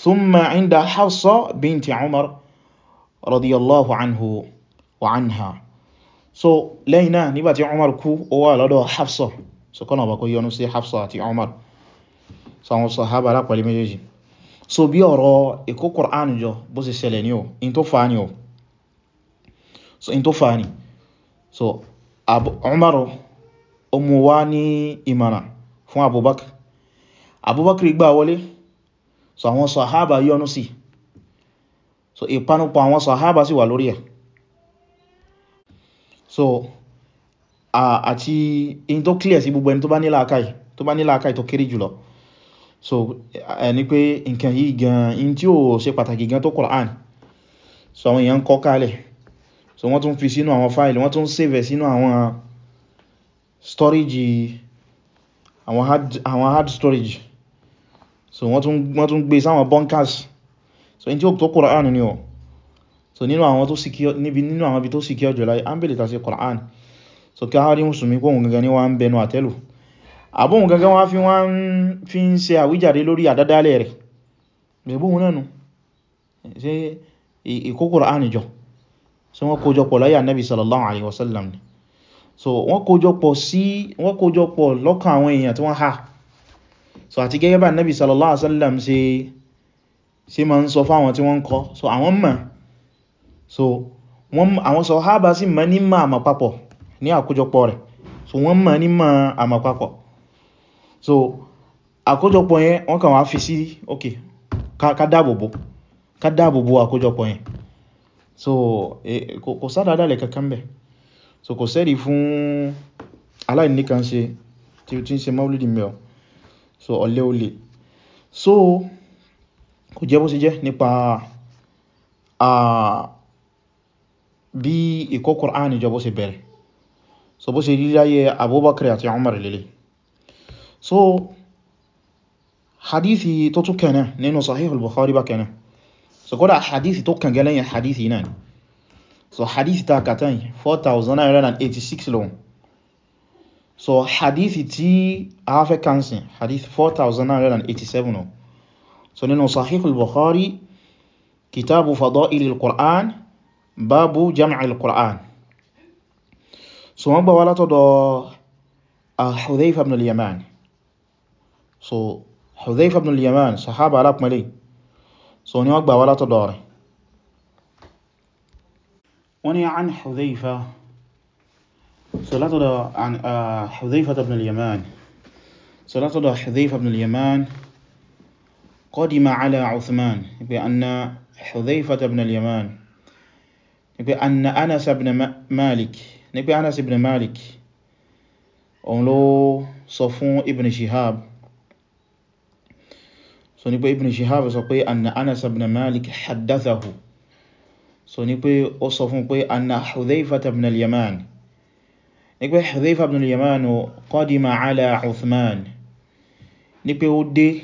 thumma inda Hafsa binti Umar radiyallahu anhu wa anha so lẹ́yìn náà nígbà tí Umar kú ó wà lọ́dọ̀ Hafsa so kọ́nà bá kó yọnu sí Hafsa àti Umar so àwọn sahaba alápàlẹ́ méjèèjì so bí ọ̀rọ̀ ìkó Qur'an jọ bó sì ṣẹlẹ̀ ní o in tó fa ni o so in tó fa ni so Umar ó mú wá ní ìmànà fún Abubakar abubakar gbà wọlé so àwọn sahaba yọ́nú sí so ìpanupọ̀ àwọn sahaba sì wà lórí ẹ̀ so àti in tó clear sí gbogbo ẹni tó bá ní làákàí tó bá ní làákàí tó kéré jùlọ so ẹni pé nǹkan yìí gan in tí ó ṣe pàtàkì gan tó Qur'an so àwọn èèyàn kọ kalẹ̀ so wọ́n tún fi sínú àwọn fáìlì wọ́n tún save sínú àwọn storage àwọn hard, àwọn hard storage so wọ́n tún gbé sáwọn bunkers so in tí ó tó Kùránì ni ọ̀ so nínú àwọn tó secure níbi nínú àwọn ibi tó secure jù láyé an bèèrè tàṣí Kùránì so kí a rí mùsùlùmí kó òun gangan ní wọ́n ń bẹnu àtẹ́lù àbóhun gangan wá fi wọ́n fi ń ṣe àwíjàre lórí àdádálẹ̀ rẹ̀ so wọ́n kójọpọ̀ láyé sallallahu alaihi wasallam ni so wọ́n kójọpọ̀ sí wọ́n kójọpọ̀ lọ́kàn àwọn èèyàn tí wọ́n ha so àti gẹ́gẹ́ bá nabi sallallahu alaihi wasallam ṣe ṣe ma ń sọ fáwọn tí wọ́n ń kọ́ so àwọn mọ̀ so àwọn sàhábà sì mọ̀ ní mọ̀ àmà papọ̀ ní àkójọpọ̀ rẹ̀ so wọ́n mọ̀ ní mọ̀ àmà so àkójọpọ̀ yẹn wọ́n kàn wá fi sí ok ká dáàbòbò ká dáàbòbò àkójọpọ̀ yẹn so e, kò sádádálẹ̀ kankan so kò sẹ́rì fún aláìníkan ṣe tí ó ti so ọ̀lẹ olè so kò jẹ́ bó ṣe jẹ́ nípa bí ìkọ́ Kùránì jọ bó ṣe bẹ̀rẹ̀ so bó ṣe rí láyé Abubakar àti Umar lélẹ̀ so hadithi tó tún kẹ́nà nínú Sahih al-Bukhari bá kẹ́nà so kódà hadithi tó kàn gẹ́lẹ́yìn hadithi náà so hadithi ta kàtàn 4986 lọ́wọ́ so hadith tí a kansin hadith 4987 so nínú sahih al-bukhari kitabu fada'il al-qur'an babu jam'i al-qur'an so wọ́n gbà wá látọ̀dọ̀ hudhaifa ibn al-yaman so hudhaifa ibn al-yaman sahaba alápmọ́lé so ni wọ́n gbà wá látọ̀dọ̀ rẹ̀ wọ́n ni سلطه عن آه، حذيفة بن اليمان سلطه حذيفة بن اليمان قدم على عثمان بأن حذيفة بن اليمان بأن أنس بن مالك نبي أنس بن مالك أولو صفون ابن شهاب so ابن شهاب ibn shihab sọ pé anna anas ibn malik haddathahu so ní pé ó sọ fún pé ní pé Hudhayfa ibn al-Yaman qadima ala Uthman ní pé ó dé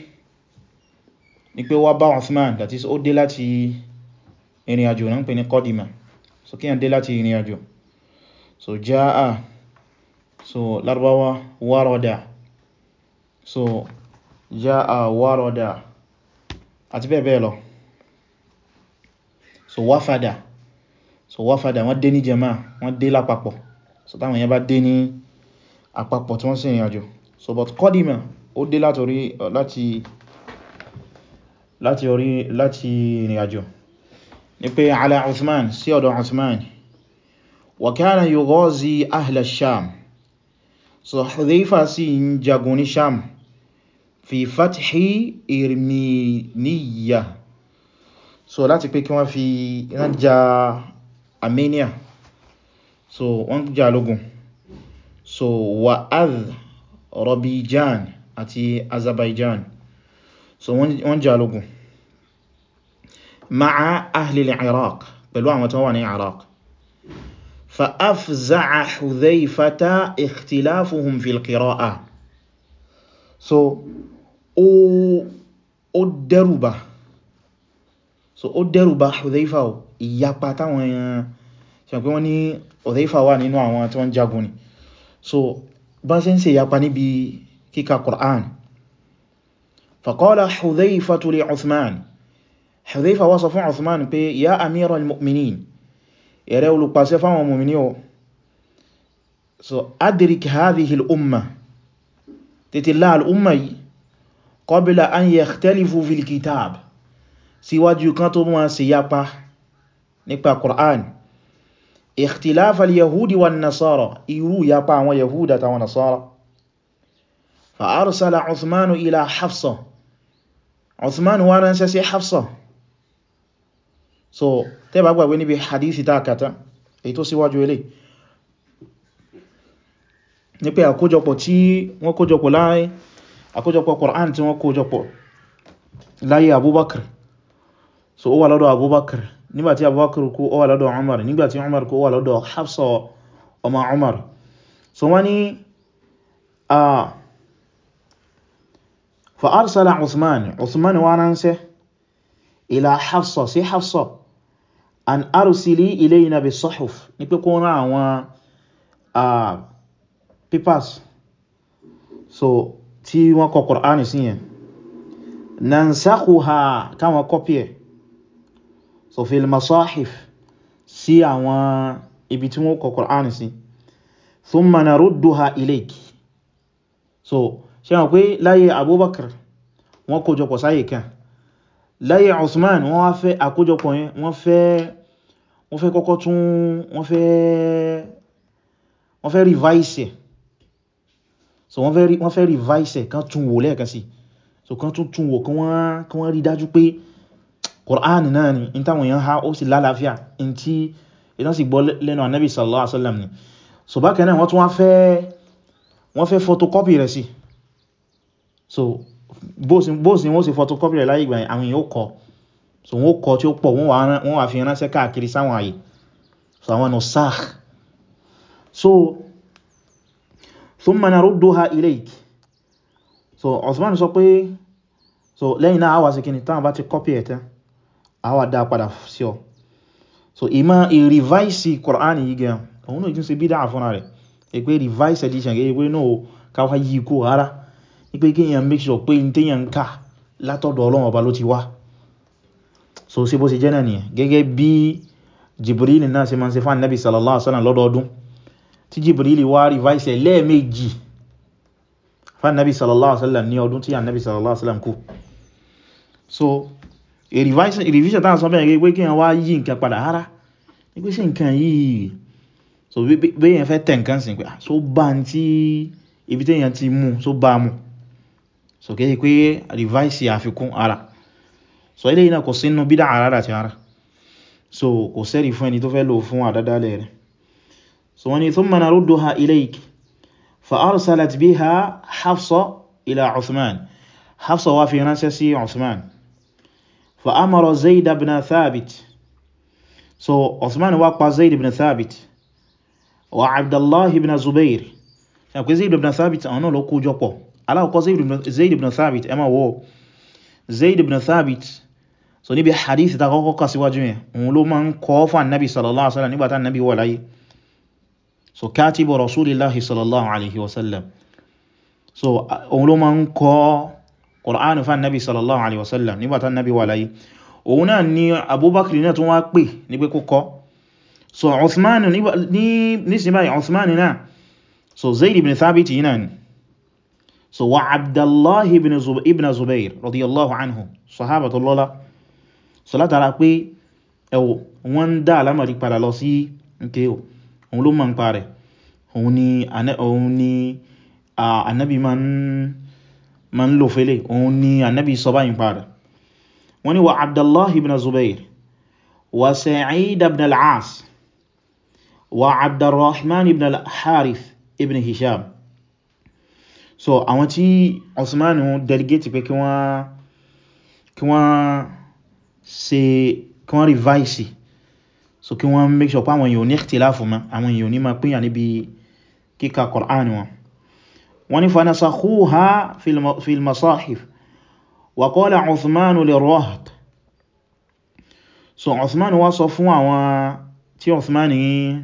ní pé wá bá Uthman that is ó dé láti ìrìn àjò náà ń pè ní qadima so kíyàn dé láti ìrìn àjò so jaa so larbawa warada so jaa warada àti bẹ́ẹ̀ bẹ́ẹ̀ lọ so wáfàdà so wáfàdà wọ́n dé ní jama wọ́n dé lápapọ̀ so táwọn èèyàn bá dé ní àpapọ̀ tí wọ́n sì rìn àjò so but kọ́dìmọ̀ ó dé láti orí láti rìn àjò ní pé ala Uthman sí ọ̀dọ̀ Uthman wa kana yughazi ahla Sham so Hudhayfa sì ń jagun ní Sham fi fathi Irminiya so láti pé kí wọ́n fi ránjá Armenia so wọ́n jà lógun so wa azerbaijan àti azerbaijan so wọ́n jà lógun ma'a ahli al-iraq pẹ̀lú àwọn tó wà ní iraq fa afza'a hudhaifata ikhtilafuhum fil qira'a so o ó dẹ́rùbà so ó dẹ́rùbà hudhaifa ìyapa táwọn èèyàn ṣe pé wọ́n ní Hudhayfa wà nínú àwọn tí wọ́n jagun ni so bá ṣe ń ṣe yapa níbi kíka Qur'an faqala Hudhayfatu li Uthman Hudhayfa wá sọ fún Uthman pé ya amiral mu'minin ẹ̀rẹ́ olùpàṣẹ fáwọn mu'mini o so adrik hadhihi qabla an yakhtalifu fil kitab kan tó mọ́ ṣe nípa Qur'an اختلاف اليهود والنصارى إيرو يقع ويهودة ونصارى فأرسل عثمان إلى حفصة عثمان وانا سيسي حفصة so تبا أقوى ويني بحديث تاكتا ètò síwájú ilé ní pé àkójọpọ̀ tí wọ́n لاي láyé àkójọpọ̀ Qur'an tí wọ́n لاي láyé بكر so هو wà lọ́dọ̀ بكر nígbàtí Abubakar kú ó wà lọ́dọ̀ Umar nígbàtí Umar kú ó wà lọ́dọ̀ Hafsa ọmọ Umar so wọ́n ni a fa arsala Usman Usman wá ránṣẹ́ ila Hafsa sí Hafsa an arsili ilayna bi suhuf ní pé kó rán àwọn papers so tí wọ́n kọ Qur'ani síyẹn nansakhuha káwọn kọ́pì ẹ̀ so fil masahif sí àwọn ibi tí wọ́n kọ Kùránì sí thumma narudduha ilayki so ṣe wọ́n pé láyé Abubakar wọ́n kójọpọ̀ sáyé kan láyé Usman wọ́n wá fẹ́ àkójọpọ̀ yẹn wọ́n fẹ́ wọ́n fẹ́ kọ́kọ́ tún wọ́n fẹ́ wọ́n fẹ́ revise so wọ́n fẹ́ revise kan tún wò lẹ́ẹ̀kan sí so kan tún tún wò kan wọ́n rí dájú pé Qur'an náà ni in táwọn èèyàn ha ó sì lálàáfíà in tí ìdán sì gbọ́ lẹ́nu Ànábì sallallahu alaihi wasallam ni so bákan náà wọ́n tún wọ́n fẹ́ photocopy rẹ̀ sí so bóòsí wọ́n sì photocopy rẹ̀ láyé ìgbàyìn àwọn èèyàn ó kọ so wọ́n kọ tí ó pọ̀ wọ́n wà fi ránṣẹ́ káàkiri sáwọn àyè so àwọn nù sáà so thumma narudduha ilayk so Osman sọ pé so lẹ́yìn náà àwà sí kìnnì tán bá ti copy ẹ̀tẹ́ a wà dá padà sí ọ so ìmá ìrìváìsì Kùránì yìí gan òun náà jí ṣe bídá fúnra rẹ̀ ìpé revised edition gẹ́gẹ́ pé náà káwà yí kó ara ní pé kí èyàn make sure pé ní tèyàn ń ká látọ̀dọ̀ Ọlọ́run Ọba ló ti wá so sí bó ṣe jẹ́ náà nìyẹn gẹ́gẹ́ bí Jibril náà se máa ń ṣe fún Ànábì sallallahu alaihi wasallam lọ́dọọdún tí Jibril wá revised lẹ́ẹ̀mejì fún Ànábì sallallahu alaihi wasallam ní ọdún tí Ànábì sallallahu alaihi wasallam kú so revision tán sọ bẹ́ẹ̀ pé kí wọ́n wá yí nǹkan padà ara ní pé sí nǹkan yìí so bí èyàn fẹ́ tẹ̀ nǹkan sí pé so bá ń tí ibi tí èyàn ti mú so bá mú so kí pé revise àfikún ara so ilé iná kò sínú bídá àrádà ti ara so kò sẹ́rì fún ẹni tó fẹ́ lò fún àdádálẹ̀ rẹ̀ so wọ́n ni thumma narudduha ilayk fa arsalat biha Hafsa ila Uthman Hafsa wá fi ránṣẹ́ sí Uthman fa amara zaid ibn thabit so osman wá pa zaid ibn thabit wa abdullah ibn zubair ṣe pé zaid ibn thabit àwọn náà ló kó jọpọ̀ alákọ̀ọ́kọ́ zaid ibn thabit ẹ máa wò zaid ibn thabit so níbi hadith ta kọ́kọ́ kà síwájú yẹn òun ló máa ń kọ́ fún annabi sallallahu alaihi wasallam nígbàtà annabi wà láyé so katibu rasulillahi sallallahu alaihi wasallam so òun ló máa ń Qur'anu fún annabi sallallahu alaihi wasallam nígbàtí annabi wà láyé òun náà ni abubakar náà tún wá pè ní pé kókọ́ so Uthman nísìn báyìí Uthman náà so Zaid ibn Thabit yìí náà ni so wa Abdallah ibn Zubair radiyallahu anhu sahaba so látara pé ẹwọ wọ́n dá alámàrí padà lọ sí nke o ló mọ̀ ń parẹ̀ òun ni annabi ma ma ń lò fẹ́lẹ̀ òun ni annabi sọ báyìí padà wọ́n ni wa abdullahi ibn zubair wa sa'id ibn al'as wa abdurrahman ibn al ibn hisham so àwọn tí osman delegate pé kí wọ́n kí kí wọ́n revise so kí wọ́n make sure pé àwọn èèyàn ní ikhtilafu ma àwọn èèyàn ní ma pínyà níbi kíkà Qur'an wọn wọ́n ní fanasakhuha fi al-masahif wa qala Uthman lirraht so Uthman wá sọ fún àwọn tí Uthman yí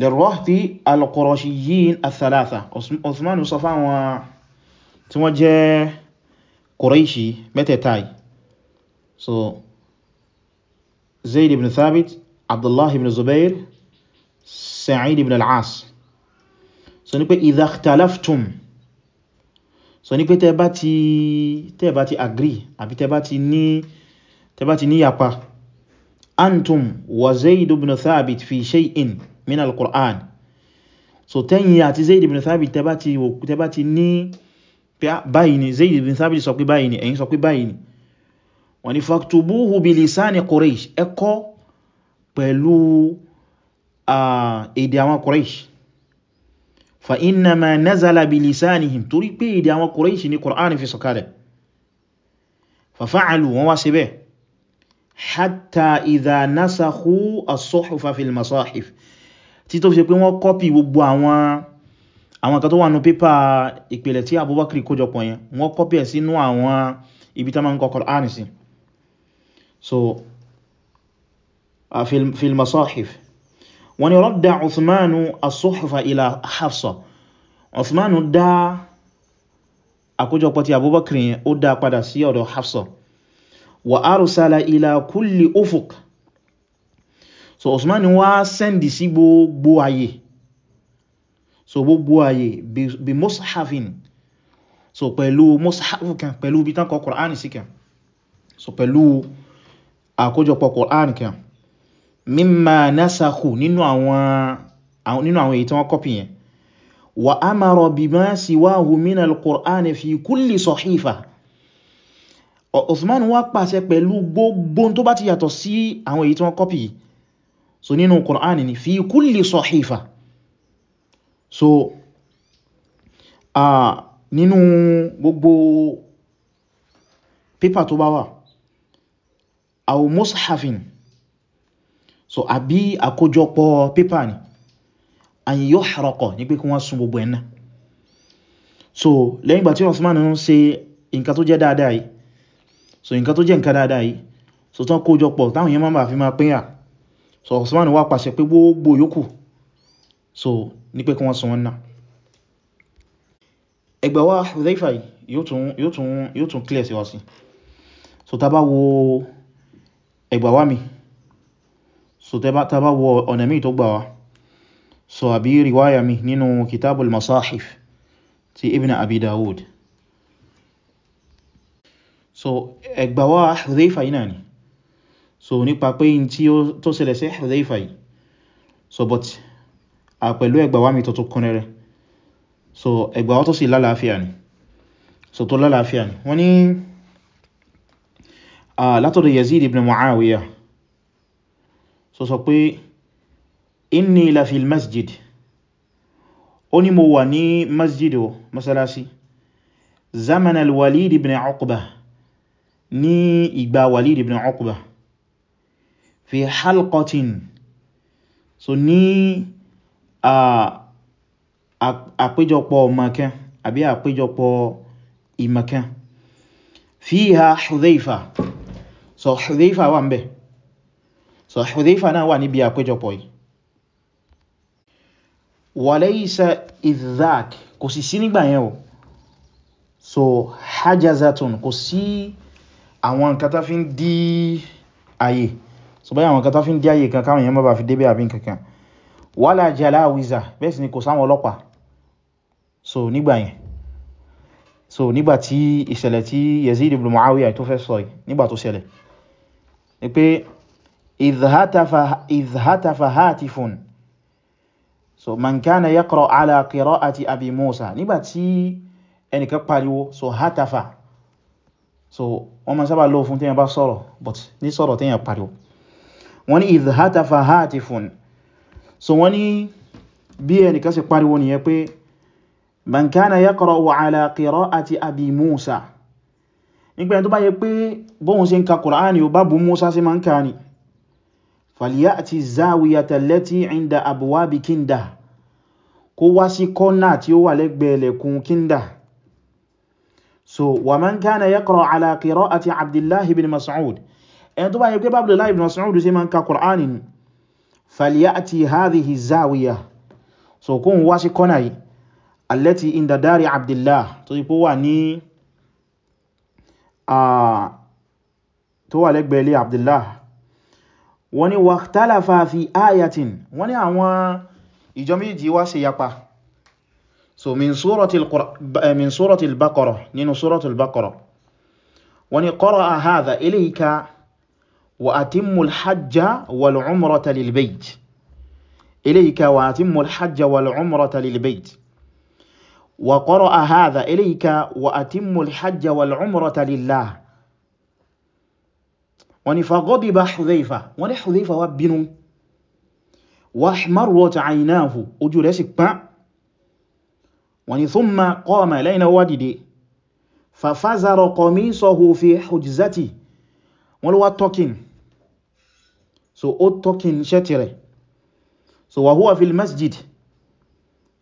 lirrahti al-Qurashiyyin al-thalatha Uthman sọ fún àwọn tí wọ́n jẹ́ Qurayshi mẹ́tẹ̀ẹ̀ta so Zayd ibn Thabit Abdullah ibn Zubair Sa'id ibn al-As so ní pé idha ikhtalaftum so ní pé tẹ́ bá ti tẹ́ bá ti agree àbí tẹ́ bá ti ní tẹ́ bá ti ní yapa antum wa zaid ibn thabit fi shay'in min al-qur'an so tẹ́yìn àti zaid ibn thabit tẹ́ bá ti wò tẹ́ bá ti ní ah, báyìí ni zaid ibn thabit sọ pé báyìí ni ẹ̀yin sọ pé báyìí ni wọ́n ní faktubuhu bi lisani quraish ẹ kọ pẹ̀lú ah, èdè àwọn quraish fa inna ma nazala bi lisanihim torí pé èdè àwọn Qurayshi ni Qur'an fi sọ̀kalẹ̀ fa fa'alu wọn wá síbẹ̀ hatta idha nasakhu as-suhufa fil masahif tí tó fi ṣe pé wọ́n kọ́pì gbogbo àwọn àwọn kan tó wà ní pépà ìpìlẹ̀ tí Abubakar kójọpọ̀ yẹn wọ́n kọ́pì ẹ̀ sínú àwọn ibi tá ma ń Qur'an sí so fil masahif wọ́n ni radda Uthmanu as-suhfa ila Hafsa Uthmanu dá àkójọpọ̀ ti Abubakar yẹn ó dá padà sí ọ̀dọ̀ Hafsa wa arsala ila kulli ufuq so Uthman wá sẹ́ndì sí gbogbo ayé so gbogbo ayé bí mushafin so pẹ̀lú mushafu pẹ̀lú bí tánkọ mimma nasakhu nínú àwọn nínú àwọn èyí tí wọ́n kọ́pì yẹn wa amara bima siwahu min al-Qur'an fi kulli sahifa Uthman wá pàṣẹ pẹ̀lú gbogbo tó bá ti yàtọ̀ sí àwọn èyí tí wọ́n kọ́pì so nínú Qur'an ni fi kulli sahifa so uh, nínú gbogbo pépà tó bá wà aw mushafin so àbí àkójọpọ̀ pépà ni an yuhraqa ní pé kí wọ́n sun gbogbo ẹ̀nà so lẹ́yìn ìgbà tí Usman ń ṣe nǹkan tó jẹ́ dáadáa yìí so nǹkan tó jẹ́ nǹkan dáadáa yìí so tán kójọpọ̀ táwọn yẹn máa fi máa pín yà so Usman wá pàṣẹ pé gbogbo yòókù so ní pé kí wọ́n sun wọn náà ẹgbẹ̀ wá Hudhayfa yóò tún clear sí wá sí so tá bá wo ẹgbẹ̀ wá mi so ta bá wọ ọ̀nà míì tó gbà wá so àbí riwaya mi nínú kitabul masahif ti ibn abi dawud so ẹgbàwá Hudhayfa yìí náà ni so nípa pé in tí tó ṣẹlẹ̀ sí Hudhayfa yìí so but a pẹ̀lú ẹgbàwá mi tó tó kún so ẹgbàwá tó sì lálàáfíà ni so tó lálàáfíà ni wọ́n ní látọ̀dọ̀ Yazid ibn Muawiyah so sọ pé inni la fil masjid ó ní mo wà ní masjid o masalasi zaman al-walid ibn uqba ní ìgbà walid ibn uqba fi halqatin so ní àpéjọpọ̀ ọmọkẹ́ àbí àpéjọpọ̀ ìmọ̀kẹ́ fiha hudhaifa so hudhaifa wà ń so Hudhayfa náà wà níbi àpéjọpọ̀ yìí walaysa idhak kò sì sí nígbà yẹn o so hajjazatun kò sí àwọn nǹkan tá fi ń dí àyè so báyìí àwọn nǹkan tá fi ń dí àyè kankan àwọn èèyàn má bàá fi débẹ̀ àbí kankan wala jalawiza bẹ́ẹ̀ sì ni kò sáwọn ọlọ́pàá so nígbà yẹn so nígbà tí ìṣẹ̀lẹ̀ tí Yazid ibn Muawiya tó fẹ́ sọ yìí nígbà tó ṣẹlẹ̀ ni pé ìzhátafa hátífún so man kana yaqra ala qira'ati abi musa nígbàtí ẹnìkan pariwo so hátafa so wọ́n ma sábà lọ fún tí yẹn bá sọ̀rọ̀ but ní sọ̀rọ̀ tí yẹn pariwo wọ́n ní ìzhátafa hátífún so wọ́n ní bí ẹnìkan sì pariwo nìyẹn pé man kana yaqra'u ala qira'ati abi musa nígbà tó bá yẹ pé bóhun ṣe ń sí ń ka ni fàlìyàtí záwíyàtà lẹ́tí ìndà àbúwábi kínda kó wá sí kọ́nà tí ó wà lẹ́gbẹ̀ẹ́ lẹ́kùn kínda so wà mán kánà yẹ kọ̀rọ̀ alákìrọ̀ àti abdullahi bin mas'ud ẹni tó bá yẹ pé abdullahi bin mas'ud sí ma ń ka kùránì fàlìyàtí hadhihi záwíyà so kó wá sí kọ́nà yìí alẹ́tí ìndà dárí abdullahi tó yí pó wà ní tó abdullahi wọ́n ni waqtalafa fi ayatin wọ́n ni àwọn ìjọ méjì wá ṣe yapa so min suratil Qur'an eh, min suratil Baqara nínú suratil Baqara wọ́n ni qara'a hadha ilayka wa atimmul hajja wal umrata lil wa atimmul hajja wal umrata lil bayt wọ́n ní fagọ́dìbá Hudhayfa wọ́n ní Hudhayfa wá bínú wa ahmarrat aynahu ojú rẹ̀ sì pán wọ́n ní thumma qama lẹ́yìn náà wá dìde fafazara qamisahu fi hujzati wọ́n ló wá tọ́kín so ó tọ́kín ṣẹ́tì rẹ̀ so wa huwa fil masjid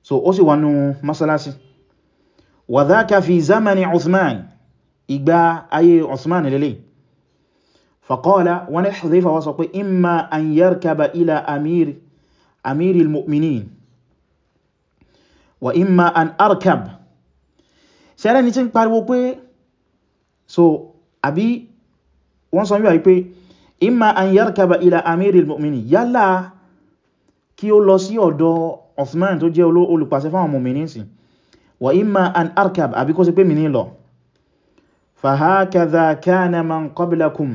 so ó sì wà nú masalasi wa dhaka fi zamani Uthman ìgbà ayé Uthman lélẹ́yìí faqala wọ́n ní Hudhayfa wá sọ pé imma an yarkaba ila amir amiri al-mu'minin wa imma an arkab ṣẹ́rẹ́ ni tí ń pariwo pé so àbí wọ́n sọ wíwá pé imma an yarkaba ila amiri al yálà kí ó lọ sí ọ̀dọ̀ Uthman tó jẹ́ olùpàṣẹ fáwọn mu'minin sí wa imma an arkab àbí kó sì pé mi lọ fa hakadha kana man qablakum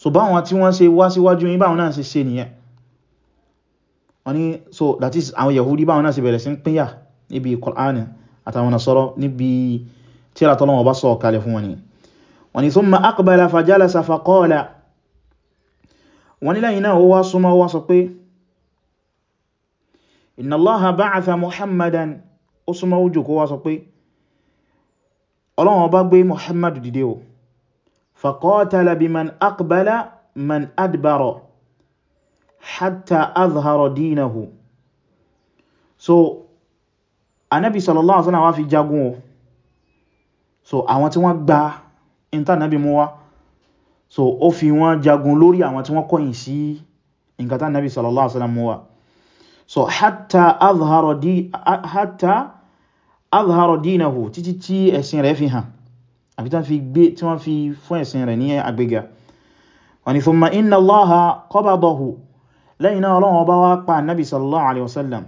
so báwọn tí wọ́n ṣe wá síwájú yín báwọn náà ṣe ṣe nìyẹn wọ́n ní so that is àwọn Yahudi báwọn náà ṣe bẹ̀rẹ̀ sí ń pínyà níbi Kùránì àtàwọn Nasara níbi tírà t'Ọlọ́run bá sọ kalẹ̀ fún wọn ni wọ́n ní thumma aqbala fajalasa faqala wọ́n ní lẹ́yìn náà ó wá súnmọ́ wá sọ bá gbé Muhammad dìde o فقاتل بمن أقبل من أدبر حتى أظهر دينه so anabi sallallahu alaihi wasallam wá fi jagun so àwọn tí wọ́n gba inta nabi mú wá so ó fi wọ́n jagun lórí àwọn tí wọ́n kọ̀yìn sí nǹkan ta nabi sallallahu alaihi wasallam mú wá so hatta azhara di hatta azhara dinahu títí tí ẹ̀sìn rẹ̀ fi hàn àbí tí wọ́n fi fún ẹ̀sìn rẹ̀ ní àgbéga wọ́n ni thumma inna Allaha qabadahu lẹ́yìn náà Ọlọ́run bá wá pa annabi sallallahu alaihi wasallam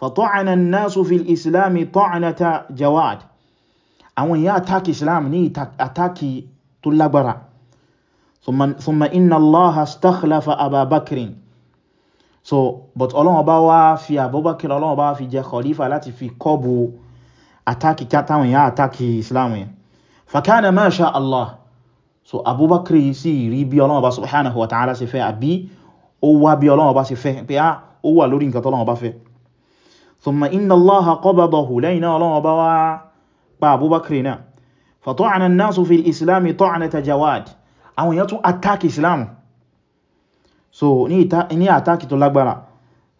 fata'ana an-nasu fil islam ta'nata jawad àwọn èèyàn àtàkì islam ní àtàkì tó lágbára thumma inna Allaha istakhlafa Aba so but Ọlọ́run bá wá fi Abubakar Ọlọ́run bá fi jẹ khalifa láti fi kọ́bù àtàkì kátàwọn èèyàn àtàkì islam yẹn fakana ma sha Allah so abubakri sì rí bí Ọlọ́run bá subhanahu wa ta'ala ṣe fẹ́ àbí ó wá bí Ọlọ́run bá ṣe fẹ́ pé á ó wà lórí nǹkan tọ́lọ́run bá fẹ́ thumma inna Allaha qabadahu lẹ́yìn náà Ọlọ́run bá wá pa abubakri náà fata'ana an-nasu fi al-islam ta'nata jawad àwọn èèyàn tún attack islam so ní attack tó lágbára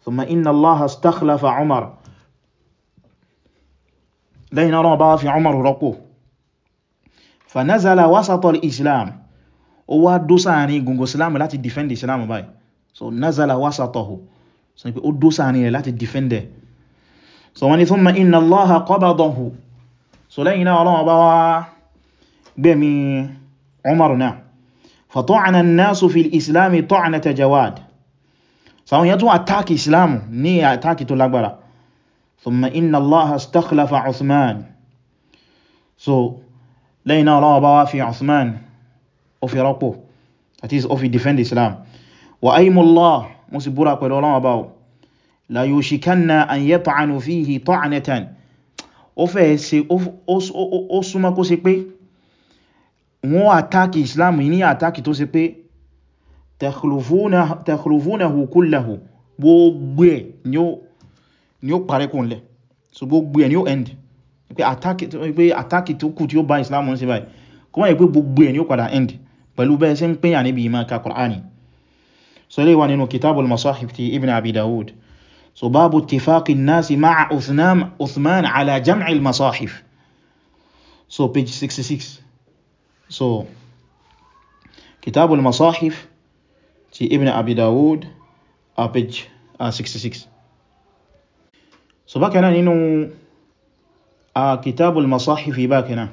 thumma inna Allaha istakhlafa umar lẹ́yìn náà Ọlọ́run bá wá fi umar rọ́pò fanazala wasatol islam ó wá dó sáàrin gungo islam láti defend islam báyìí so nazala wasatahu so ní pé ó dó sáàrin rẹ̀ láti defend so wani thumma inna allaha qabadahu so lẹ́yìn ina ọlọ́wọ́ bá wá gbẹ̀mí umar náà fata'ana an-nasu fi al-islam ta'nata jawad sàwọn yẹn tún attack islam ní attack tó lágbára thumma inna allaha istakhlafa uthman so lẹ́yìn náà Ọlọ́hun bá wá fi Uthman ó fi rọ́pò that is ó fi defend Islam wa aymullah mo sì búra pẹ̀lú Ọlọ́hun bá o la yushikanna an yat'anu fihi ta'natan ó fẹ́ ṣe ó súnmọ́ kó ṣe pé wọ́n àtàkì Islam ní àtàkì tó ṣe pé takhlufunahu kullahu gbogbo ẹ̀ ni ó parí so gbogbo ẹ̀ ni ó end pé attack pe àtàkì tó kù tí ó bá islam islamu se bayi kó má yí pé gbogbo ẹ̀ ni ó padà end pẹ̀lú be se npe pín ni bi ma ka Qur'ani so lè wà nínú kitabul masahif ti ibn abi daud so babu ittifaq in nas ma'a usman ala jam'i al masahif so page 66 so kitabul masahif ti ibn abi daud a page 66 so bákanáà nínú a kitabul masahifi bákanáà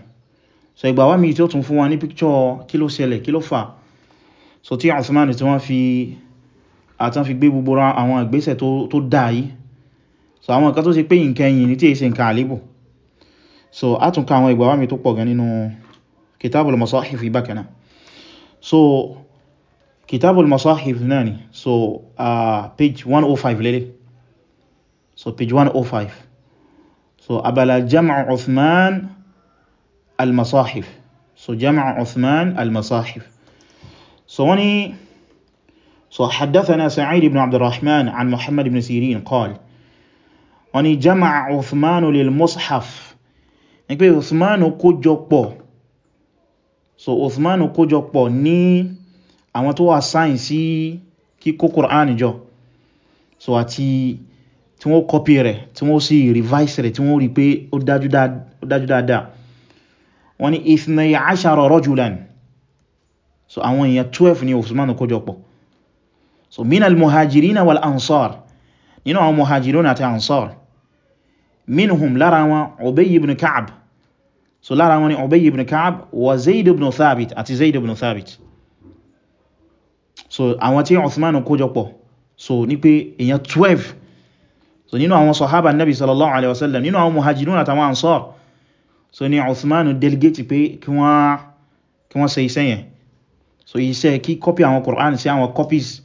so ìgbà wá mi tí ó tún fún wa ní píkṣọ́ kí ló ṣẹlẹ̀ kí ló fà so tí Uthman tí wọ́n fi àtàn fi gbé gbogbo àwọn ìgbésẹ̀ tó dáa yìí so àwọn nǹkan tó ṣe pé nǹkan yìí ní tí è ṣe nǹkan so a tún ka àwọn ìgbà wá mi tó pọ̀ gan nínú kitabul masahifi bákanáà so kitabul masahif náà so uh, page 105 lélẹ̀ so page 105 so abala jam'a Uthman al-masahif so jam'a Uthman al-masahif so wani so haddathana Sa'id ibn Abdurrahman an Muhammad ibn Sirin qal wani jam'a Uthman lil-mushaf ní pé Uthman kójọpọ̀ so Uthman kójọpọ̀ ní àwọn tó wà sáyìn sí kíkó Qur'an jọ so àti tí wọ́n kọ́pí rẹ̀ tí wọ́n sì revise rẹ̀ tí wọ́n rí pé ó dájú dáadáa wọ́n ní ithnay ashara rajulan so àwọn èèyàn 12 ni Usman kójọpọ̀ so minal muhajirina wal ansar nínú àwọn muhajiruna àti ansar minhum lára wọn Ubay ibn Ka'b so lára wọn ni Ubay ibn Ka'b wa Zaid ibn Thabit àti Zaid ibn Thabit so àwọn tí Usman kójọpọ̀ so ní pé èèyàn 12 so nínú àwọn sahaba annabi sallallahu alaihi wasallam nínú àwọn muhajirun àtàwọn ansar so ni Uthman delegate pé kí wọ́n kí wọ́n sey sey so so iṣẹ́ kí copy àwọn Qur'an sí àwọn copies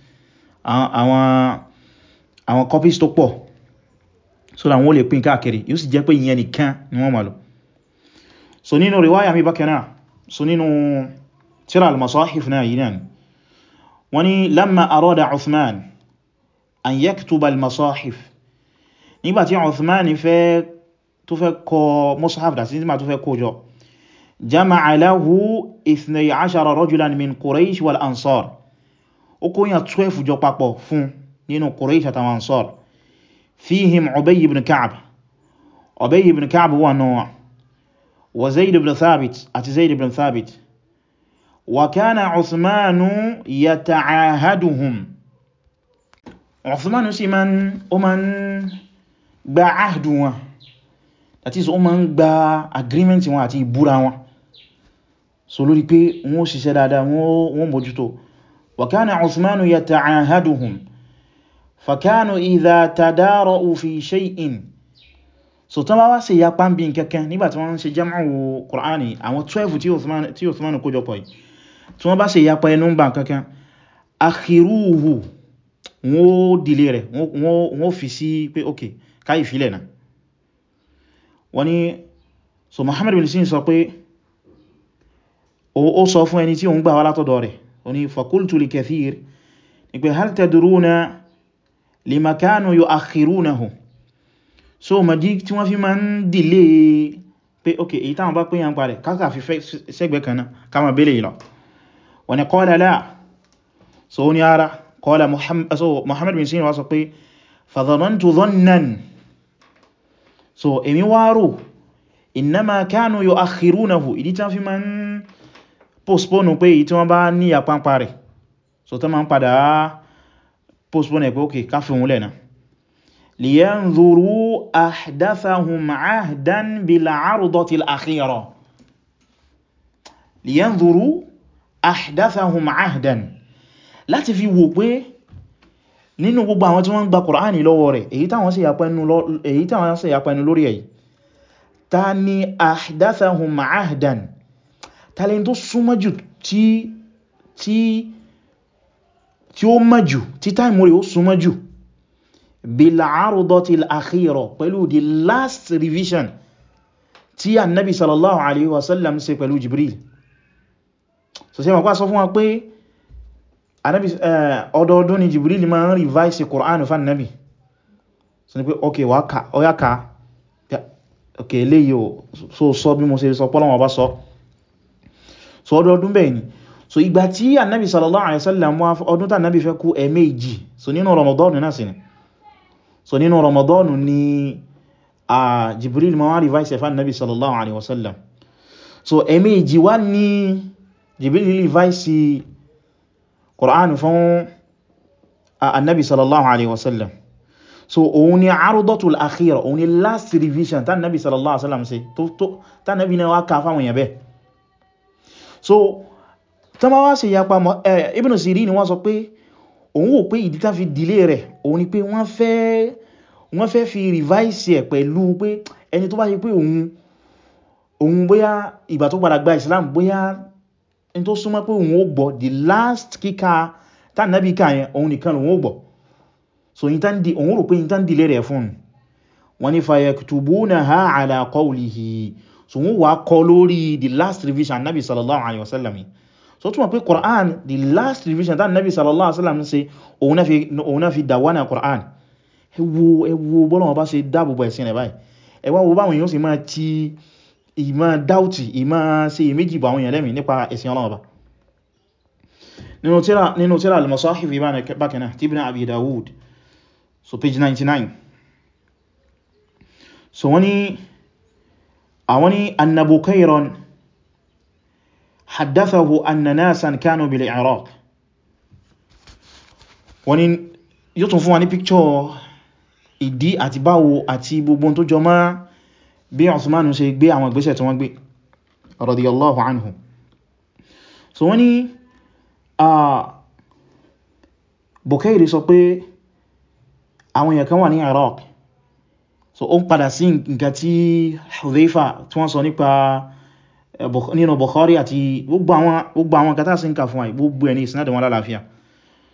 àwọn àwọn copies tó pọ̀ so la wọ́n lè pín káàkiri yo sì jẹ́ pé ìyẹn nìkan ni wọ́n ma lò so nínú riwaya mi bakana so nínú tírà al-masahif na yinan wani lamma arada Uthman an yaktuba al-masahif nígbàtí Uthman fẹ́ tó fẹ́ kọ mushaf dà sí nígbà tó fẹ́ kó jọ jama'a lahu ithnay ashara rajulan min Quraysh wal ansar ó kó yà 12 jọ papọ̀ fún nínú Quraysh àtàwọn ansar fihim Ubay ibn Ka'b Ubay ibn Ka'b wà náà wa zaid ibn Thabit àti zaid ibn Thabit wa kana Uthmanu yata'ahaduhum Uthmanu sì man ó man gba ahdu wọn that is o ma ń gba agreement wọn àti ìbúra wọn so lórí pé wọ́n ó ṣiṣẹ́ dáadáa wọ́n mójútó wa kana Uthmanu yata'ahaduhum fakanu idha tadara'u fi shay'in so tán bá wá ṣe ya pàmbí kẹ́kẹ́ nígbàtí wọ́n ń ṣe jam'u Qur'ani àwọn 12 tí Uthmanu kójọpọ̀ yìí tí wọ́n bá ṣe ya pa ẹnu bá akhiruhu wọ́n dìlé rẹ̀ wọ́n fi sí pé okay káyì fílẹ̀ náà wọ́n ni so Muhammad bin sin sọ pé ó sọ fún ẹni tí òun gbà wá látọ̀dọ̀ rẹ̀ ó ní fakultu li kathir ni pé hal tadruna lima kanu yuakhirunahu so madi tí wọ́n fi máa ń dìlé pé ok èyí táwọn bá pín yàn parẹ̀ káàkà fi sẹ́gbẹ̀ kan náà kama bèèrè ìlọ wọ́n ni qala la so ó ara qala Muhammad bin sin wá sọ pé fadhanantu dhannan so èmi wá rò innama kanu yu'akhirunahu ìdí tí wọ́n fi ma postpone pé èyí tí wọ́n bá ní àpánpa rẹ̀ so tó ma ń postpone pé okay káfí òun lẹ́nà liyanzuru ahdathahum ahdan bil 'ardati al-akhirah liyanzuru ahdathahum ahdan láti fi wò pé nínú gbogbo àwọn tí wọ́n ń gba Kùránì lọ́wọ́ rẹ̀ èyí táwọn sì yapẹnu lórí èyí ta ni ahdathahum ahdan ta lè tó súnmọ́ jù tí ó mọ́ jù tí táìmù rẹ̀ ó súnmọ́ jù bil arudatil akhira pẹ̀lú the last revision tí annabi sallallahu alaihi wasallam ṣe pẹ̀lú Jibril so se mọ̀ pá sọ fún wa pé anabi eh, ọdọọdún ni jibril ma ń revise Qur'an fa nabi so ni pé ok wà ká ọya ká ok eléyìí o so sọ bí mo ṣe sọ pọ́lọ́wọ́ bá sọ so ọdọọdún bẹ́ẹ̀ ni so ìgbà tí anabi sallallahu alaihi wasallam ọdún Nabi, anabi fẹ́ kú ẹ̀ẹ̀mejì so nínú ramadan náà sí ni so nínú ramadan ni a jibril ma wá revise fa nabi sallallahu alaihi wasallam so ẹ̀ẹ̀mejì wá ní jibril revise Qur'an fún annabi sallallahu alaihi wasallam so òun ni arudotul akhira òun ni last revision ta nabi sallallahu alaihi wasallam ṣe to to ta nabi na wa ka wọn yabe so ta ma wa ṣe ya pa eh, ibn sirin wá sọ pé òun wò pé ìdí ta fi delay rẹ̀ òun ni pé wọ́n fẹ́ wọ́n fẹ́ fi revise ẹ̀ pẹ̀lú pé ẹni tó bá ṣe pé òun bóyá ìgbà tó padà gba islam bóyá in tó súnmọ́ pé òun ó gbọ́ the last kíká tá nábì ká yẹn òun nìkan òun ó gbọ́ so òun rò pé yíta ń dìlé rẹ̀ fún wọn ni fayaktubunaha ala qawlihi so wọ́n wà kọ lórí the last revision nábì sallallahu alaihi wasallam so túnmọ̀ pé Qur'an the last revision tá nábì sallallahu alaihi wasallam ṣe òun náà fi dàwánà Qur'an ẹwọ ẹwọ bọ́lọ̀ wọn bá ṣe dáàbò bọ̀ ẹ̀sìn wo báwọn èèyàn sì ìmọ̀ dauti ìmọ̀ ìmá sí méjì bá àwọn èèyàn lẹ́mìí nípa ẹ̀sìn Ọlọ́run Ọba nínú tíra al-Masahif bákanáà tí Ibn Abi Dawud so page 99 so wani àwọn ni annabukairon haddathahu anna nasan kano bil Iraq wani yóò tún fún wani picture ìdí àti báwo àti gbogbo tó jọ máa bí Osman ṣe gbé àwọn ìgbésẹ̀ tí wọ́n gbé radiyallahu anhu so wọ́n ni Bukairi sọ pé àwọn èèyàn kan wà ní Iraq so ó ń padà sí nǹkan tí Hudhaifa tí wọ́n sọ nípa eh, nínú Bukhari àti gbogbo àwọn kátà sí ń kà fún wa gbogbo ẹni ìsinádà wọn lálàáfíà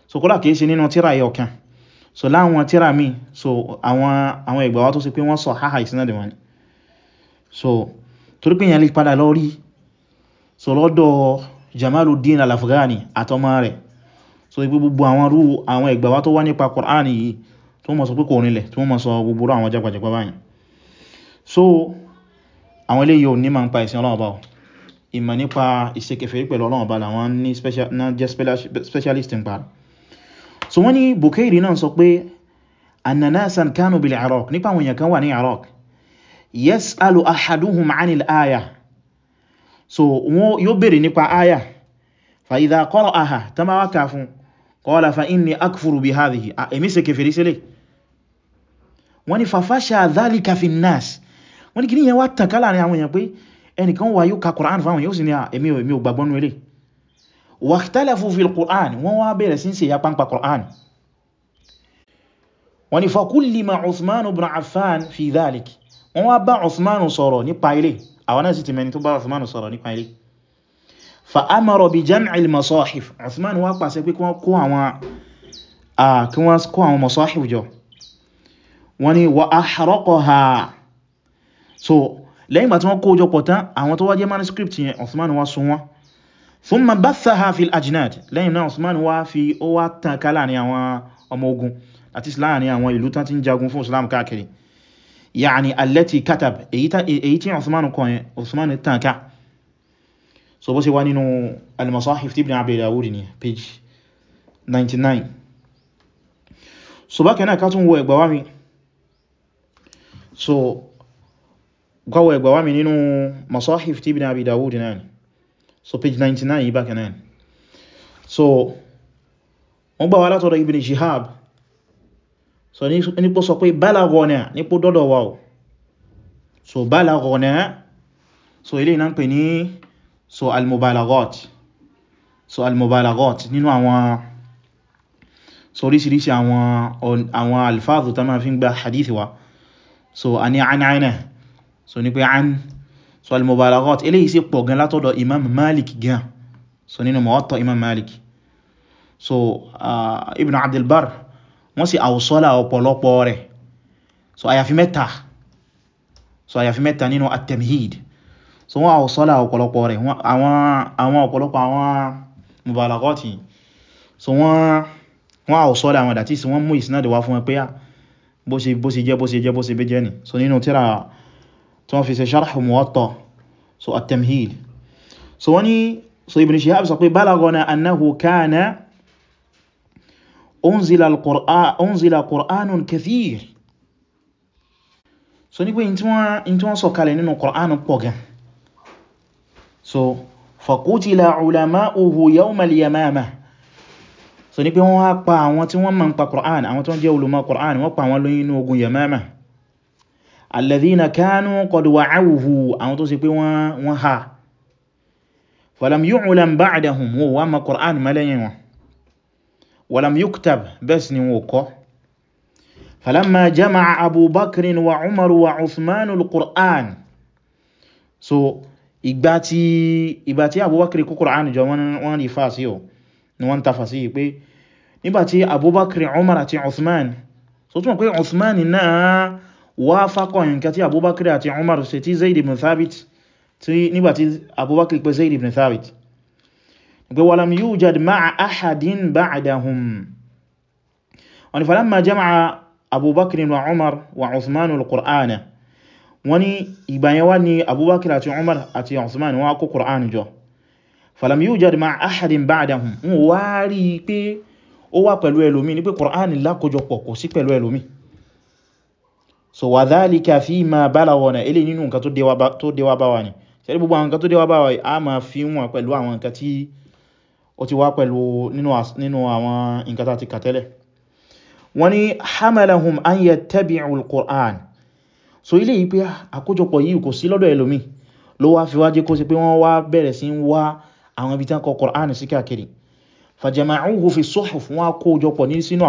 so kódà kìí ṣe nínú tíra ẹyọ kan so láwọn tíra mi so àwọn ìgbàwà tó sì pé wọ́n sọ háhà ìsinádà wọn ni so torí pé èyàn lè padà lọ rí so lọ́dọ̀ Jamaluddin al-Afghani àtọmọ rẹ̀ so ipé gbogbo àwọn rú àwọn ẹgbàwá tó wá nípa Qur'an yìí tó mọ̀ sọ pé kò rinlẹ̀ tó mọ̀ sọ gbogbo àwọn jàgbàjàgbà báyìí so àwọn eléyìí ò ní ma ń pa ìsìn Ọlọ́run Ọba o ìmọ̀ nípa ìṣekèfèrí pẹ̀lú Ọlọ́run Ọba làwọn ní jẹ́ specialist ń pa so wọ́n ní Bukairi náà sọ pé annanasan kanu bil Iraq nípa àwọn èèyàn kan wà ní Iraq yas'alu ahaduhum 'anil aya so wọ́n yóò bèèrè nípa aya fa idha qara'aha ta ma wákà fún qala fa inni akfuru bi hadhihi a èmi ṣe kèfèrí sílẹ̀ wọ́n ni fafasha dhalika fi nas wọ́n ni kí ní yẹn wá tàkà láàrin àwọn èèyàn pé ẹnìkan wà yóò ka Qur'an fáwọn yóò sì ní èmi èmi ò gbàgbọ́nú ilé wakhtalafu fil Qur'an wọ́n wá bẹ̀rẹ̀ sí ṣe ya pampa Qur'an wọ́n ni fakullima Uthman ibn Affan fi dhalik wọ́n wá bá Uthman sọ̀rọ̀ nípa ilé àwọn náà sì ti mẹni tó bá Uthman sọ̀rọ̀ nípa ilé fa amara bi jam'il masahif Uthman wá pàṣẹ pé kí wọ́n kó àwọn masahif jọ wọ́n ni wa ahraqaha so lẹ́yìn bàtí wọ́n kó jọ pọ̀ tán àwọn tó wá jẹ́ manuscript yẹn Uthman wá sun wọn thumma àti láàrin àwọn ìlú tán ti ń jagun fún Islam káàkiri yàní allati katab èyí tí Uthman kọ yẹn Uthman tànká so bó ṣe wá nínú al-Masahif ibn Abi Dawud page 99 so bákan náà ká tún wo ẹgbàwá mi so gbáwọ ẹgbàwá mi nínú Masahif ibn Abi náà ni so page 99 yìí bákan náà so wọ́n gbà wá látọ̀dọ̀ ibn Shihab so nípo sọ pé balaghana nípo dọ́dọ̀ wa o so balaghana so ilé iná ń pè ní so almubalaghat so almubalaghat nínú àwọn so oríṣiríṣi àwọn alfáàzù tó máa fi ń gba hadithi wa so a ní anáyánà so ní pé an so almubalaghat ilé yìí sí pọ̀ gan látọ̀dọ̀ imam malik gan so nínú muwatta imam malik so uh, ibn abdulbar wọ́n sì àwùsọ́là ọ̀pọ̀lọpọ̀ rẹ̀ so àyàfi mẹ́ta so àyàfi mẹ́ta nínú at-tamhid so wọ́n àwùsọ́là ọ̀pọ̀lọpọ̀ rẹ̀ àwọn ọ̀pọ̀lọpọ̀ àwọn mubalaghati so wọ́n àwùsọ́là àwọn dàtí sí wọ́n mú ìsinádì wá fún ẹ pé ah, bó ṣe jẹ́ bó ṣe jẹ́ bó ṣe bẹ́jẹ́ ni so nínú tíra tí wọ́n fi ṣe sharh Muwatta so at-tamhid so wọ́n ni so Ibn Shihab sọ pé balagana annahu kana unzila al-Qur'an unzila Qur'anun so ní pé in tí wọ́n sọ̀kalẹ̀ nínú Qur'an pọ̀ gan so faqutila ulama'uhu yawma al-yamamah so ní pé wọ́n wá pa àwọn tí wọ́n ma ń pa Qur'an àwọn tí wọ́n jẹ́ olùmọ̀ Qur'an wọ́n pa wọn lóyìn inú ogun yamama alladhina kanu qad wa'awhu àwọn tó sì pé wọ́n ha falam yu'lam ba'dahum wọ́n ma Qur'an mẹ́lẹ́yìn wọn walam yuktab bẹ́ẹ̀ sì ni wọ́n kọ́ falamma jama'a abubakrin wa umaru wa uthmanu al-qur'an so ìgbà tí ìgbà tí abubakri kó qur'an jọ wọ́n rí fa sí o ni wọ́n tafa sí pé nígbàtí abubakri umar àti uthman so túnmọ̀ pé uthman náà wá fákọ̀ nǹkan tí abubakri àti umar ṣe tí zaid ibn thabit nígbàtí abubakri pé zaid ibn thabit pé walam yujad ma'a ahadin ba'dahum wani falamma jama'a abubakir wa umar wa usman al-qur'ana wani ìgbàyẹn wá ní abubakir àti umar àti usman wọ́n kó qur'an jọ falam yujad ma'a ahadin ba'dahum wọ́n wá rí pé ó pẹ̀lú ẹlòmí ní pé qur'an lákójọpọ̀ kò sí pẹ̀lú ẹlòmí so wa dhalika fi ma balawana ilé nínú nǹkan tó déwà bá wà ní ṣe gbogbo àwọn nǹkan tó déwà bá wà ma fi wọn pẹ̀lú àwọn nǹkan tí ó ti wá pẹ̀lú nínú àwọn nǹkan tá ti kà tẹ́lẹ̀ wọ́n ní hamalahum an yattabi'u al-Qur'an so ilé yìí pé ah, àkójọpọ̀ yìí kò sí lọ́dọ̀ ẹlòmí ló wá fi wá jẹ́ kó sí pé wọ́n wá bẹ̀rẹ̀ sí wá àwọn ibi tán kọ Qur'an sí káàkiri fajama'uhu fi suhuf wọ́n àkójọpọ̀ ní sínú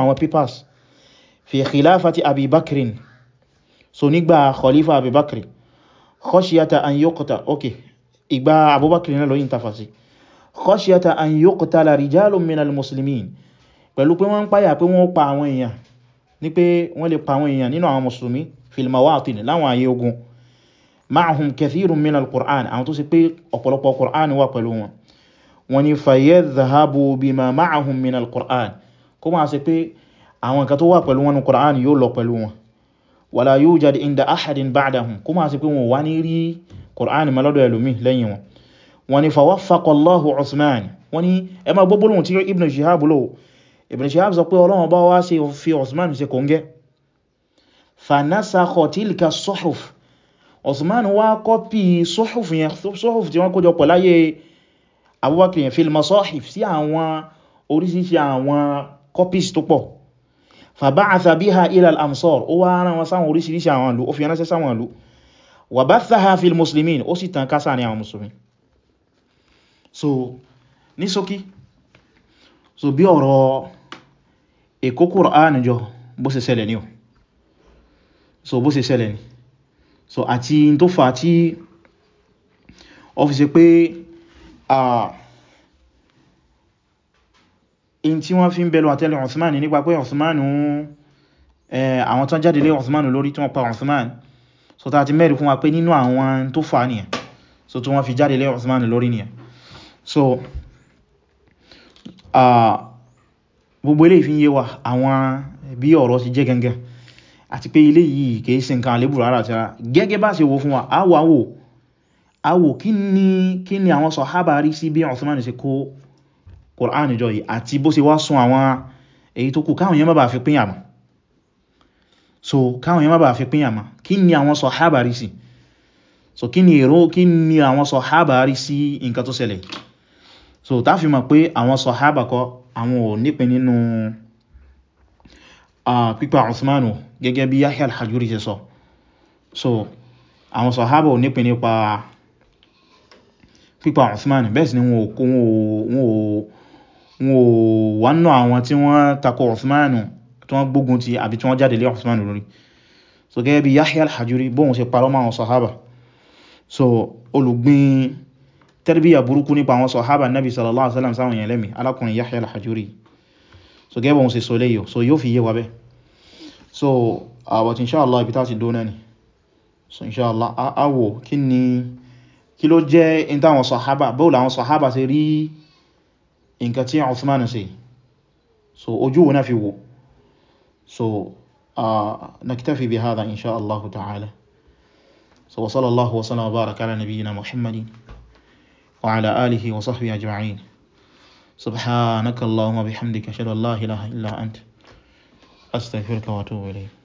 khashyata an yuqtala rijalun minal muslimin pẹ̀lú pé wọ́n ń páyà pé wọ́n pa àwọn èèyàn ní pé wọ́n lè pa àwọn èèyàn nínú àwọn mùsùlùmí fil mawatin láwọn ayé ogun ma'ahum kathirun minal qur'an àwọn tó sì pé ọ̀pọ̀lọpọ̀ qur'an wà pẹ̀lú wọn wọ́n ní fayadhhabu bima ma'ahum minal qur'an wọn ní qur'an wọ́n ní fawaffakallahu Uthman wọ́n ní ẹ ma gbogbo tí Ibn Shihab lò Ibn Shihab sọ pé Ọlọ́run bá wá ṣe fi Uthman ṣe kòǹgẹ́ fanasakha tilka suhuf Uthman wá kọ́pì suhuf tí wọ́n kójọ pọ̀ Abubakar yẹn fil muslimin ó sì tàn kásà ní àwọn musulmi so ní ṣókí so bí ọ̀rọ̀ èkó Kùránì jọ bó ṣe ṣẹlẹ̀ ni o so bó se ṣẹlẹ̀ ni so àti in tó fà tí ọ fi ṣe pé in tí wọ́n fi ń bẹ̀lú àtẹ́lẹ̀ Osman nípa pé Osman àwọn tán jáde lé Osman lórí tí wọ́n pa Osman so ta ti mẹ́rin fún wa pé nínú àwọn tó fà nìyẹn so tí wọ́n fi jáde lé Osman lórí nìyẹn so uh, gbogbo eléyìí fi ń yé wa àwọn bí ọ̀rọ̀ ti jẹ́ gangan àti pé ilé yìí kìí ṣe nǹkan àlébù rárá àti rárá gẹ́gẹ́ bá ṣe wo fún wa àwọ̀ àwọ̀ àwọ̀ kí ni kí ni àwọn sàhábà rí sí bí Uthman ṣe kó Qur'an jọ yìí àti bó ṣe wá sun àwọn èyí tó kù káwọn yẹn má bàa fi pín yàmà so káwọn yẹn má bàa fi pín yàmà kí ni àwọn sàhábà rí sí so kí ni èrò kí ni àwọn sàhábà rí sí nǹkan tó ṣẹlẹ̀ so tá fi mọ̀ pé àwọn sọ̀hábà kọ́ àwọn ò nípin nínú pípa Uthman gẹ́gẹ́ bí Yahya al ṣe sọ so àwọn sọ̀hábà ò nípin nípa pípa Uthman bẹ́ẹ̀ sì ni wọn ò wánà àwọn tí wọ́n takò Uthman tí wọ́n gbógun ti àbí tí wọ́n jáde lé Uthman lórí so gẹ́gẹ́ bí Yahya al bóhun ṣe parọ́ mọ́ àwọn sọ̀hábà so olùgbìn tẹ́rbíyà burúkú nípa àwọn sọ̀hábà nabi sallallahu alaihi wasallam sáwọn èèyàn lẹ́mí alákùnrin Yahya al-Hajuri so gẹ́bọ̀n sí so léyò so yóò fi yé wa bẹ́ so àwọ̀ tí inṣáàlá ibi tàti dóná ni so inṣáàlá àwọ̀ kí ni kí ló jẹ́ in táwọn sọ̀hábà bóòlù àwọn sọ̀hábà ṣe rí nǹkan tí Uthman ṣe so ojú wo náà fi wò so naktafi bi hadha inṣáàlá ta'ala so wa sallallahu wa sallam wa baraka ala nabiyyina muhammadin وعلى آله وصحبه أجمعين سبحانك اللهم بحمدك أشهد أن لا إله إلا أنت أستغفرك وأتوب إليك